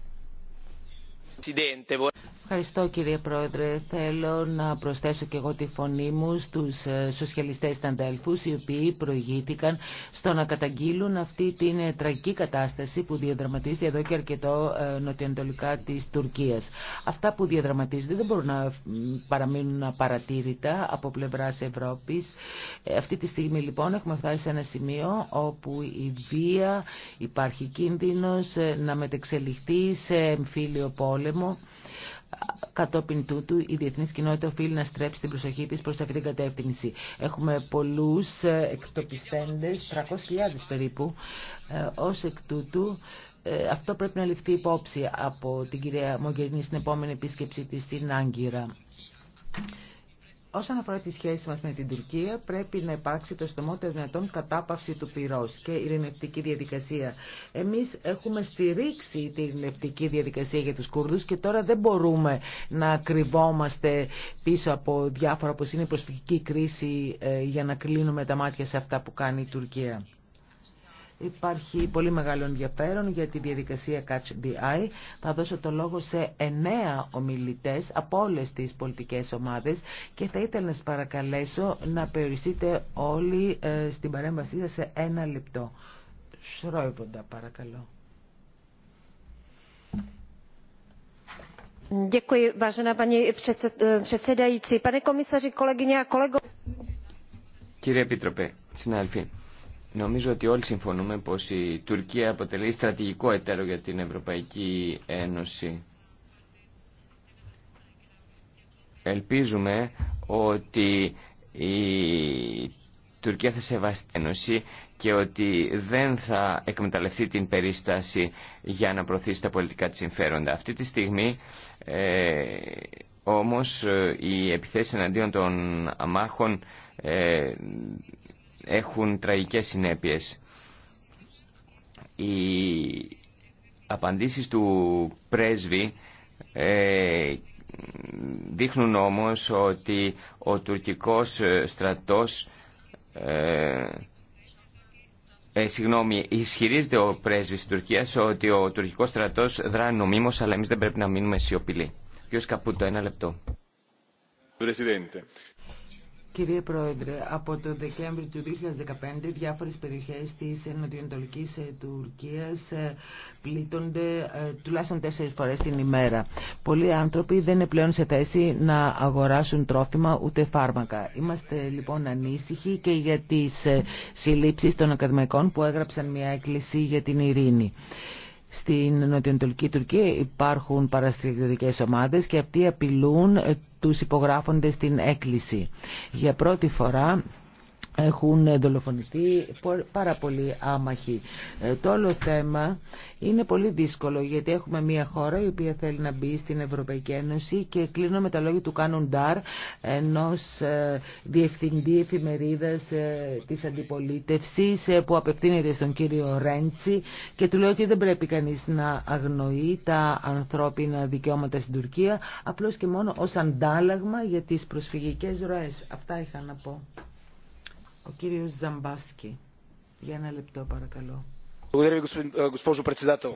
Ευχαριστώ κύριε Πρόεδρε. Θέλω να προσθέσω και εγώ τη φωνή μου στους ε, σοσιαλιστές ταντέλφους οι οποίοι προηγήθηκαν στο να καταγγείλουν αυτή την ε, τραγική κατάσταση που διαδραματίζεται εδώ και αρκετό ε, νοτιοανατολικά της Τουρκίας. Αυτά που διαδραματίζονται δεν μπορούν να παραμείνουν απαρατήρητα από πλευράς Ευρώπης. Αυτή τη στιγμή λοιπόν έχουμε φτάσει σε ένα σημείο όπου η βία υπάρχει κίνδυνος να μετεξελιχθεί σε εμφύλιο πόλεμο. Κατόπιν τούτου, η διεθνή κοινότητα οφείλει να στρέψει την προσοχή τη προ αυτή την κατεύθυνση. Έχουμε πολλού ε, εκτοπιστέντε, 300.000 περίπου. Ε, Ω εκ τούτου, ε, αυτό πρέπει να ληφθεί υπόψη από την κυρία Μογγερνή στην επόμενη επίσκεψή της στην Άγκυρα. Όσον αφορά τη σχέση μας με την Τουρκία, πρέπει να υπάρξει το των δυνατόν κατάπαυση του πυρός και ειρηνευτική διαδικασία. Εμείς έχουμε στηρίξει την ειρηνευτική διαδικασία για τους Κούρδους και τώρα δεν μπορούμε να κρυβόμαστε πίσω από διάφορα που είναι η προσφυγική κρίση ε, για να κλείνουμε τα μάτια σε αυτά που κάνει η Τουρκία. Υπάρχει πολύ μεγάλο ενδιαφέρον για τη διαδικασία Catch the Eye. Θα δώσω το λόγο σε εννέα ομιλητές από όλες τις πολιτικές ομάδες και θα ήθελα να σας παρακαλέσω να περιοριστείτε όλοι ε, στην παρέμβασή σας σε ένα λεπτό. Σρόιβοντα παρακαλώ. Κύριε Επίτροπε, συνάδελφοι, Νομίζω ότι όλοι συμφωνούμε πως η Τουρκία αποτελεί στρατηγικό εταίρο για την Ευρωπαϊκή Ένωση. Ελπίζουμε ότι η Τουρκία θα σεβαστεί την Ένωση και ότι δεν θα εκμεταλλευτεί την περίσταση για να προωθήσει τα πολιτικά της συμφέροντα. Αυτή τη στιγμή ε, όμως ε, οι επιθέσεις εναντίον των αμάχων ε, έχουν τραγικές συνέπειες. Οι απαντήσεις του πρέσβη ε, δείχνουν όμως ότι ο τουρκικός ε, στρατός ε, ε, συγγνώμη, ισχυρίζεται ο πρέσβη τη Τουρκία ότι ο τουρκικό στρατό δράει νομίμω, αλλά εμεί δεν πρέπει να μείνουμε σιωπηλοί. Ποιο Καπούτο, ένα λεπτό. Κύριε Πρόεδρε, από το Δεκέμβριο του 2015 διάφορες περιοχές της νοτιοανατολικής ε, Τουρκίας ε, πλήττονται ε, τουλάχιστον τέσσερις φορές την ημέρα. Πολλοί άνθρωποι δεν είναι πλέον σε θέση να αγοράσουν τρόφιμα ούτε φάρμακα. Είμαστε λοιπόν ανήσυχοι και για τις συλλήψεις των ακαδημαϊκών που έγραψαν μια έκκληση για την ειρήνη. Στην νοτιοανατολική Τουρκία υπάρχουν παραστρατιωτικές ομάδες και αυτοί απειλούν τους υπογράφοντες στην έκκληση. Για πρώτη φορά έχουν δολοφονηθεί πάρα πολύ άμαχοι. Ε, το όλο θέμα είναι πολύ δύσκολο γιατί έχουμε μια χώρα η οποία θέλει να μπει στην Ευρωπαϊκή Ένωση και κλείνω με τα λόγια του Κάνουν Ντάρ ενός ε, διευθυντή εφημερίδας ε, της αντιπολίτευσης που απευθύνεται στον κύριο Ρέντσι και του λέω ότι δεν πρέπει κανείς να αγνοεί τα ανθρώπινα δικαιώματα στην Τουρκία απλώς και μόνο ως αντάλλαγμα για τις προσφυγικές ροές. Αυτά είχα να πω. Ο κύριος Ζαμπάσκι. Για ένα λεπτό παρακαλώ. Ε,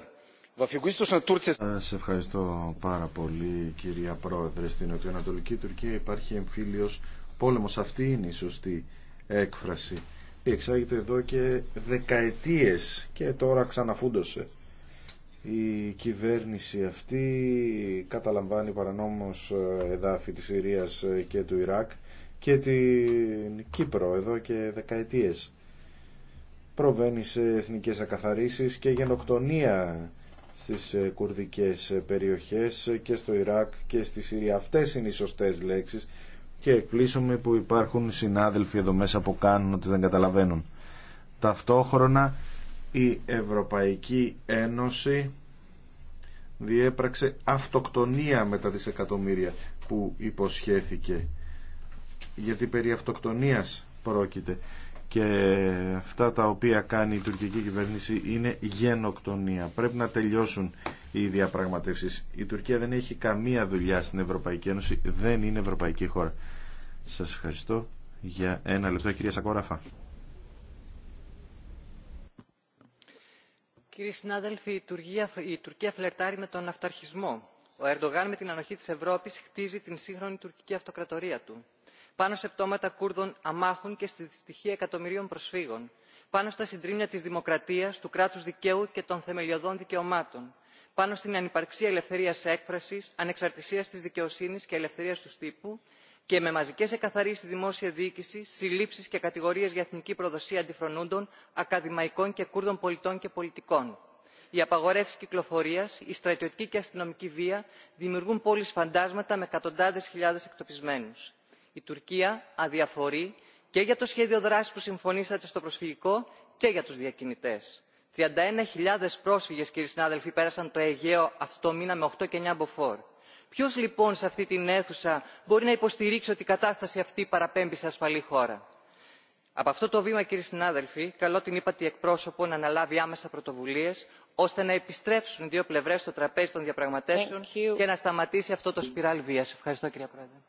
Σας ευχαριστώ πάρα πολύ κυρία Πρόεδρε. Στην Ουτο-Ανατολική Τουρκία υπάρχει εμφύλιος πόλεμος. Αυτή είναι η σωστή έκφραση. Εξάγεται εδώ και δεκαετίες και τώρα ξαναφούντωσε. Η κυβέρνηση αυτή καταλαμβάνει παρανόμως ε, εδάφη της Συρίας ε, και του Ιράκ και την Κύπρο εδώ και δεκαετίες. Προβαίνει σε εθνικές ακαθαρίσεις και γενοκτονία στις ε, κουρδικές περιοχές και στο Ιράκ και στη Συρία. Αυτές είναι οι σωστές λέξεις και εκπλήσωμε που υπάρχουν συνάδελφοι εδώ μέσα που κάνουν ότι δεν καταλαβαίνουν. Ταυτόχρονα η Ευρωπαϊκή Ένωση διέπραξε αυτοκτονία μετά τις εκατομμύρια που υποσχέθηκε γιατί περί αυτοκτονίας πρόκειται και αυτά τα οποία κάνει η τουρκική κυβέρνηση είναι γενοκτονία. Πρέπει να τελειώσουν οι διαπραγματεύσεις. Η Τουρκία δεν έχει καμία δουλειά στην Ευρωπαϊκή Ένωση, δεν είναι ευρωπαϊκή χώρα. Σας ευχαριστώ για ένα λεπτό κυρία Σακόραφα. Κύριοι συνάδελφοι, η Τουρκία, η Τουρκία φλερτάρει με τον αυταρχισμό. Ο Ερντογάν με την ανοχή της Ευρώπης χτίζει την σύγχρονη τουρκική αυτοκρατορία του πάνω σε πτώματα Κούρδων αμάχων και στη δυστυχία εκατομμυρίων προσφύγων, πάνω στα συντρίμμια της δημοκρατίας, του κράτους δικαίου και των θεμελιωδών δικαιωμάτων, πάνω στην ανυπαρξία ελευθερίας έκφρασης, ανεξαρτησία της δικαιοσύνης και ελευθερία του τύπου και με μαζικές εκαθαρίσει στη δημόσια διοίκηση, συλλήψεις και κατηγορίες για εθνική προδοσία αντιφρονούντων, ακαδημαϊκών και Κούρδων πολιτών και πολιτικών. Οι απαγορεύσει κυκλοφορία, η στρατιωτική και αστυνομική βία δημιουργούν πόλει φαντάσματα με εκατοντάδε χιλιάδε εκτοπισμένου η τουρκία αδιαφορεί και για το σχέδιο δράσης που συμφωνήσατε στο προσφυγικό και για τους διακινητές. 31.000 πρόσφυγες, κύριοι συνάδελφοι, πέρασαν το Αιγαίο αυτό το μήνα με 8 και 9 μποφόρ. Ποιος λοιπόν σε αυτή την αίθουσα μπορεί να υποστηρίξει ότι η κατάσταση αυτή παραπέμπει σε ασφαλή χώρα. Από αυτό το βήμα, κύριοι συνάδελφοι, καλώ την ύπατη εκπρόσωπο να αναλάβει άμεσα πρωτοβουλίε ώστε να επιστρέψουν οι δύο πλευρέ στο τραπέζι των διαπραγματεύσεων και να σταματήσει αυτό το σπιράλ βία. Ευχαριστώ, Πρόεδρε.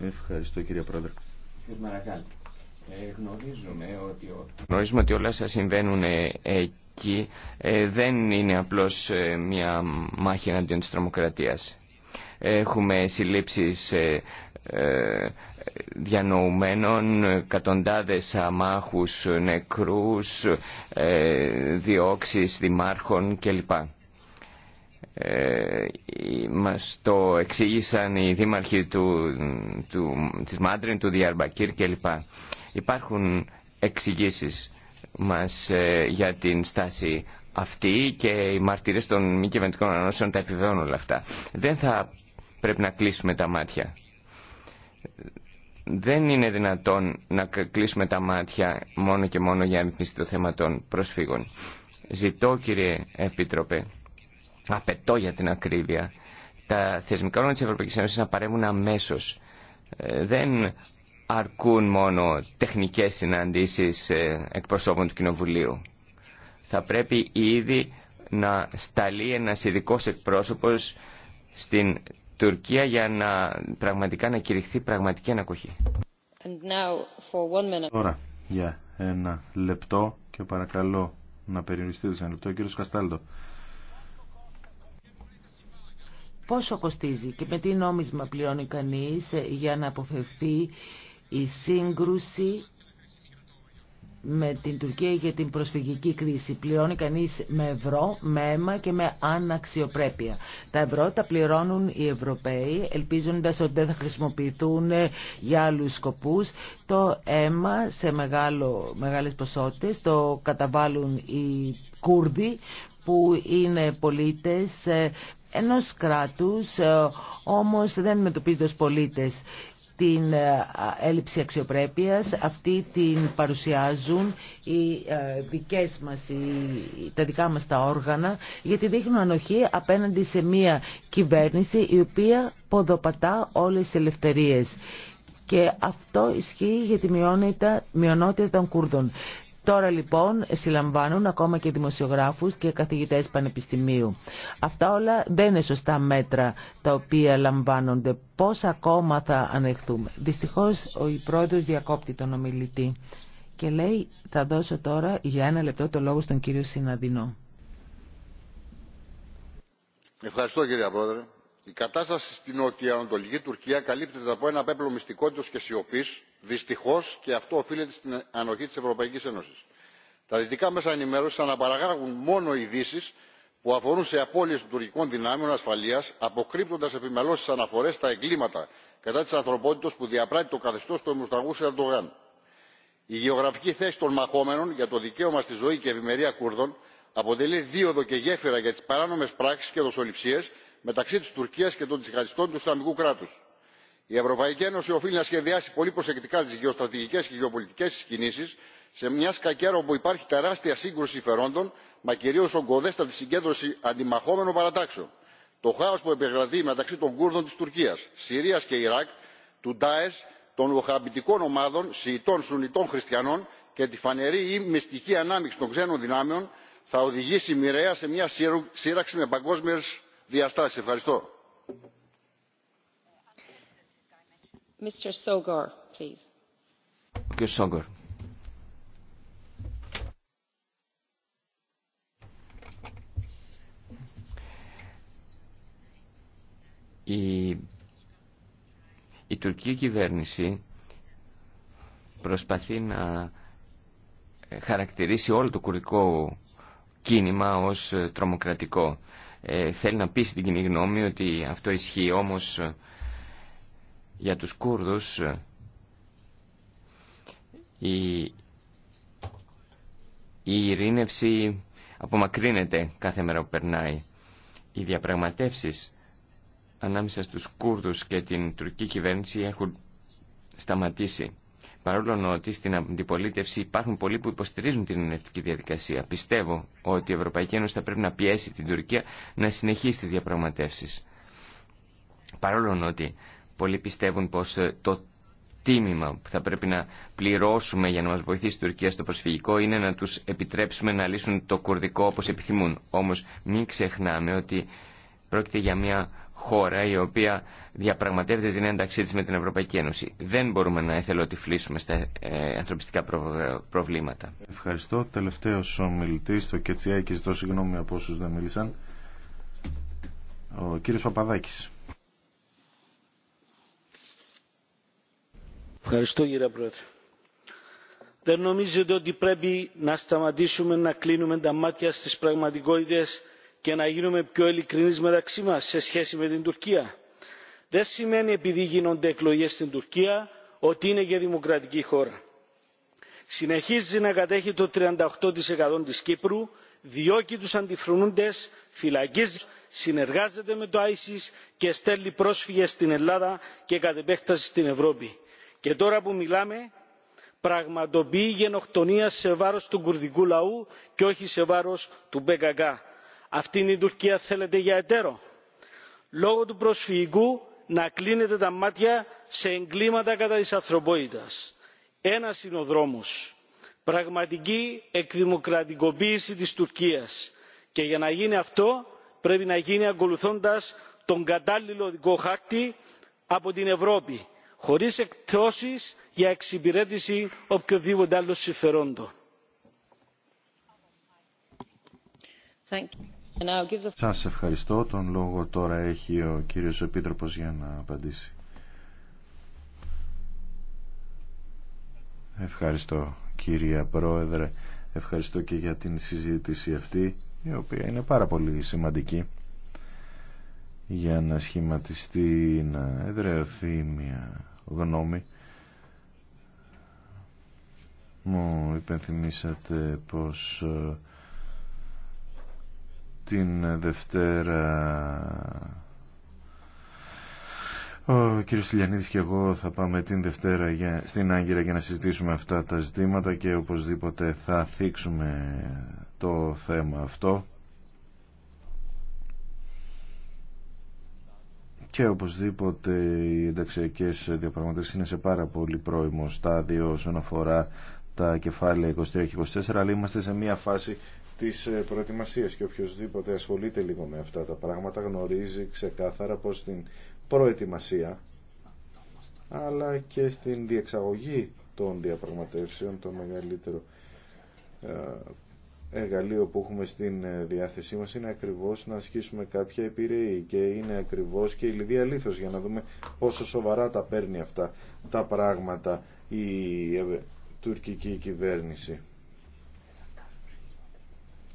Ευχαριστώ κύριε Πρόεδρε. Ε, γνωρίζουμε ότι, όλα σας συμβαίνουν ε, εκεί ε, δεν είναι απλώς μια μάχη εναντίον της τρομοκρατίας. Έχουμε συλλήψεις ε, διανοουμένων, κατοντάδες αμάχους νεκρούς, ε, διώξεις δημάρχων κλπ. Ε, μας το εξήγησαν οι δήμαρχοι του, του, της Μάντριν, του Διαρμπακύρ κλπ. Υπάρχουν εξηγήσει μας ε, για την στάση αυτή και οι μαρτυρίες των μη κυβερνητικών ανανόσεων τα επιβεβαιώνουν όλα αυτά. Δεν θα πρέπει να κλείσουμε τα μάτια δεν είναι δυνατόν να κλείσουμε τα μάτια μόνο και μόνο για να το θέμα των προσφύγων. Ζητώ κύριε Επίτροπε, απαιτώ για την ακρίβεια, τα θεσμικά όργανα της Ευρωπαϊκής Ένωσης να παρέμουν αμέσως. Ε, δεν αρκούν μόνο τεχνικές συναντήσεις ε, εκπροσώπων του Κοινοβουλίου. Θα πρέπει ήδη να σταλεί ένας ειδικός εκπρόσωπος στην Τουρκία για να πραγματικά να κηρυχθεί πραγματική ανακοχή. Τώρα για ένα λεπτό και παρακαλώ να περιοριστείτε σε ένα λεπτό. Κύριο Καστάλτο. Πόσο κοστίζει και με τι νόμισμα πληρώνει κανείς ε, για να αποφευθεί η σύγκρουση με την Τουρκία για την προσφυγική κρίση. Πληρώνει κανείς με ευρώ, με αίμα και με αναξιοπρέπεια. Τα ευρώ τα πληρώνουν οι Ευρωπαίοι, ελπίζοντας ότι δεν θα χρησιμοποιηθούν για άλλους σκοπούς. Το αίμα σε μεγάλο, μεγάλες ποσότητες το καταβάλουν οι Κούρδοι που είναι πολίτες ε, ενός κράτους, ε, όμως δεν αντιμετωπίζονται ως πολίτες την ε, έλλειψη αξιοπρέπειας. Αυτή την παρουσιάζουν οι ε, δικές μας, τα δικά μας τα όργανα, γιατί δείχνουν ανοχή απέναντι σε μια κυβέρνηση η οποία ποδοπατά όλες τις ελευθερίες. Και αυτό ισχύει για τη μειονότητα των Κούρδων. Τώρα λοιπόν συλλαμβάνουν ακόμα και δημοσιογράφους και καθηγητές πανεπιστημίου. Αυτά όλα δεν είναι σωστά μέτρα τα οποία λαμβάνονται. Πώς ακόμα θα ανεχθούμε. Δυστυχώς ο πρόεδρος διακόπτει τον ομιλητή και λέει θα δώσω τώρα για ένα λεπτό το λόγο στον κύριο Συναδινό. Ευχαριστώ κύριε Πρόεδρε η κατάσταση στην νοτιοανατολική τουρκία καλύπτεται από ένα πέπλο μυστικότητα και σιωπής δυστυχώ, και αυτό οφείλεται στην ανοχή τη Ευρωπαϊκή Ένωση. τα δυτικά μέσα ενημέρωση αναπαραγάγουν μόνο ειδήσει που αφορούν σε απώλειε των τουρκικών δυνάμεων ασφαλεία, αποκρύπτοντας επιμελώς τι αναφορές στα εγκλήματα κατά τη ανθρωπότητας που διαπράττει το καθεστώς του αιμοσταγού ερντογάν. η γεωγραφική θέση των μαχόμενων για το δικαίωμα στη ζωή και ευημερία κούρδων αποτελεί δίωδο και γέφυρα για τι παράνομε πράξει και δοσοληψίε μεταξύ τη τουρκία και των τζιχαντιστών του ισλαμικού κράτου. η ευρωπαϊκή ένωση οφείλει να σχεδιάσει πολύ προσεκτικά τι γεωστρατηγικέ και γεωπολιτικέ τη κινήσει σε μια σκακέρα όπου υπάρχει τεράστια σύγκρουση συμφερόντων μα κυρίω ογκοδέστατη συγκέντρωση αντιμαχόμενων παρατάξεων. το χάο που επικρατεί μεταξύ των κούρδων τη τουρκία συρίας και ιράκ του ντάεσ των ουαχαμπιτικών ομάδων σιητών σουνιτών χριστιανών και τη φανερή ή μυστική ανάμειξη των ξένων δυνάμεων θα οδηγήσει μοιραία σε μια σύραξη με παγκόσμιες διαστάσεις. ευχαριστώ. Η... η τουρκική κυβέρνηση προσπαθεί να χαρακτηρίσει όλο το κουρδικό κίνημα ως τρομοκρατικό ε, θέλει να πείσει την κοινή γνώμη ότι αυτό ισχύει. Όμως ε, για τους Κούρδους ε, η, η ειρήνευση απομακρύνεται κάθε μέρα που περνάει. Οι διαπραγματεύσεις ανάμεσα στους Κούρδους και την τουρκική κυβέρνηση έχουν σταματήσει. Παρόλο ότι στην αντιπολίτευση υπάρχουν πολλοί που υποστηρίζουν την ενευτική διαδικασία. Πιστεύω ότι η Ευρωπαϊκή Ένωση θα πρέπει να πιέσει την Τουρκία να συνεχίσει τις διαπραγματεύσεις. Παρόλο ότι πολλοί πιστεύουν πως ε, το τίμημα που θα πρέπει να πληρώσουμε για να μας βοηθήσει η Τουρκία στο προσφυγικό είναι να τους επιτρέψουμε να λύσουν το κουρδικό όπως επιθυμούν. Όμως μην ξεχνάμε ότι πρόκειται για μια χώρα η οποία διαπραγματεύεται την ένταξή της με την Ευρωπαϊκή Ένωση. Δεν μπορούμε να εθελοτυφλήσουμε στα ε, ανθρωπιστικά ε, προβλήματα. Ευχαριστώ. Τελευταίος ο μιλητής, το Κετσιάκη, και ζητώ συγγνώμη από όσους δεν μίλησαν, ο κύριος Παπαδάκης. Ευχαριστώ κύριε Πρόεδρε. Δεν νομίζετε ότι πρέπει να σταματήσουμε να κλείνουμε τα μάτια στις πραγματικότητες και να γίνουμε πιο ειλικρινείς μεταξύ μας σε σχέση με την Τουρκία. Δεν σημαίνει επειδή γίνονται εκλογές στην Τουρκία ότι είναι και δημοκρατική χώρα. Συνεχίζει να κατέχει το 38% της Κύπρου, διώκει τους αντιφρονούντες, φυλακίζει, συνεργάζεται με το ISIS και στέλνει πρόσφυγες στην Ελλάδα και κατ' επέκταση στην Ευρώπη. Και τώρα που μιλάμε πραγματοποιεί γενοκτονία σε βάρος του κουρδικού λαού και όχι σε βάρος του ΠΚΚ αυτήν η τουρκία θέλετε για εταίρο λόγω του προσφυγικού να κλείνετε τα μάτια σε εγκλήματα κατά της ανθρωπότητας. Ένας είναι ο δρόμος. Πραγματική εκδημοκρατικοποίηση της Τουρκίας. Και για να γίνει αυτό πρέπει να γίνει ακολουθώντας τον κατάλληλο δικό χάρτη από την Ευρώπη, χωρίς εκτόσεις για εξυπηρέτηση οποιοδήποτε άλλο συμφερόντο. Σας ευχαριστώ. Τον λόγο τώρα έχει ο κύριος Επίτροπος για να απαντήσει. Ευχαριστώ κυρία Πρόεδρε. Ευχαριστώ και για την συζήτηση αυτή, η οποία είναι πάρα πολύ σημαντική για να σχηματιστεί, να εδρεωθεί μια γνώμη. Μου υπενθυμίσατε πως ε, την Δευτέρα ο κ. Στυλιανίδης και εγώ θα πάμε την Δευτέρα για, στην Άγκυρα για να συζητήσουμε αυτά τα ζητήματα και οπωσδήποτε θα θίξουμε το θέμα αυτό. Και οπωσδήποτε οι ενταξιακές διαπραγματεύσεις είναι σε πάρα πολύ πρώιμο στάδιο όσον αφορά τα κεφάλαια 23 και 24, αλλά είμαστε σε μια φάση της ε, προετοιμασίας και οποιοδήποτε ασχολείται λίγο με αυτά τα πράγματα γνωρίζει ξεκάθαρα πως την προετοιμασία αλλά και στην διεξαγωγή των διαπραγματεύσεων το μεγαλύτερο ε, εργαλείο που έχουμε στην ε, διάθεσή μας είναι ακριβώς να ασκήσουμε κάποια επιρροή και είναι ακριβώς και η Λιδία Λίθος για να δούμε πόσο σοβαρά τα παίρνει αυτά τα πράγματα η τουρκική κυβέρνηση.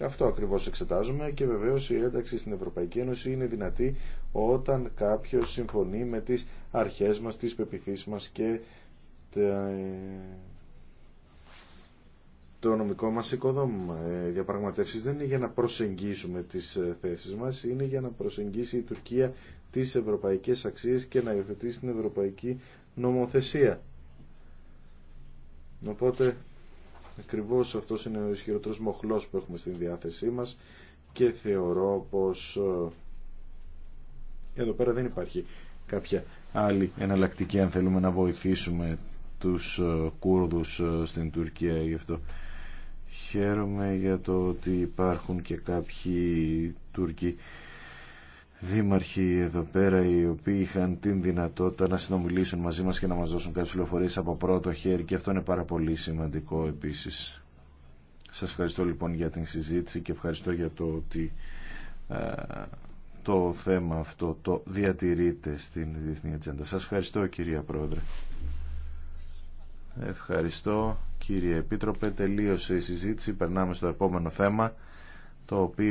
Αυτό ακριβώς εξετάζουμε και βεβαίω η ένταξη στην Ευρωπαϊκή Ένωση είναι δυνατή όταν κάποιο συμφωνεί με τις αρχές μας, τις πεπιθήσει μας και ε, το νομικό μας οικοδόμημα. για ε, διαπραγματεύσει δεν είναι για να προσεγγίσουμε τις ε, θέσεις μας, είναι για να προσεγγίσει η Τουρκία τις ευρωπαϊκές αξίες και να υιοθετήσει την ευρωπαϊκή νομοθεσία. Ακριβώς αυτό είναι ο ισχυρότερος μοχλός που έχουμε στην διάθεσή μας και θεωρώ πως ε, εδώ πέρα δεν υπάρχει κάποια άλλη εναλλακτική αν θέλουμε να βοηθήσουμε τους ε, Κούρδους ε, στην Τουρκία γι' αυτό χαίρομαι για το ότι υπάρχουν και κάποιοι Τούρκοι δήμαρχοι εδώ πέρα οι οποίοι είχαν την δυνατότητα να συνομιλήσουν μαζί μας και να μας δώσουν κάποιες πληροφορίες από πρώτο χέρι και αυτό είναι πάρα πολύ σημαντικό επίσης. Σας ευχαριστώ λοιπόν για την συζήτηση και ευχαριστώ για το ότι το θέμα αυτό το διατηρείτε στην Διεθνή Ατζέντα. Σας ευχαριστώ κυρία Πρόεδρε. Ευχαριστώ κύριε Επίτροπε. Τελείωσε η συζήτηση. Περνάμε στο επόμενο θέμα το οποίο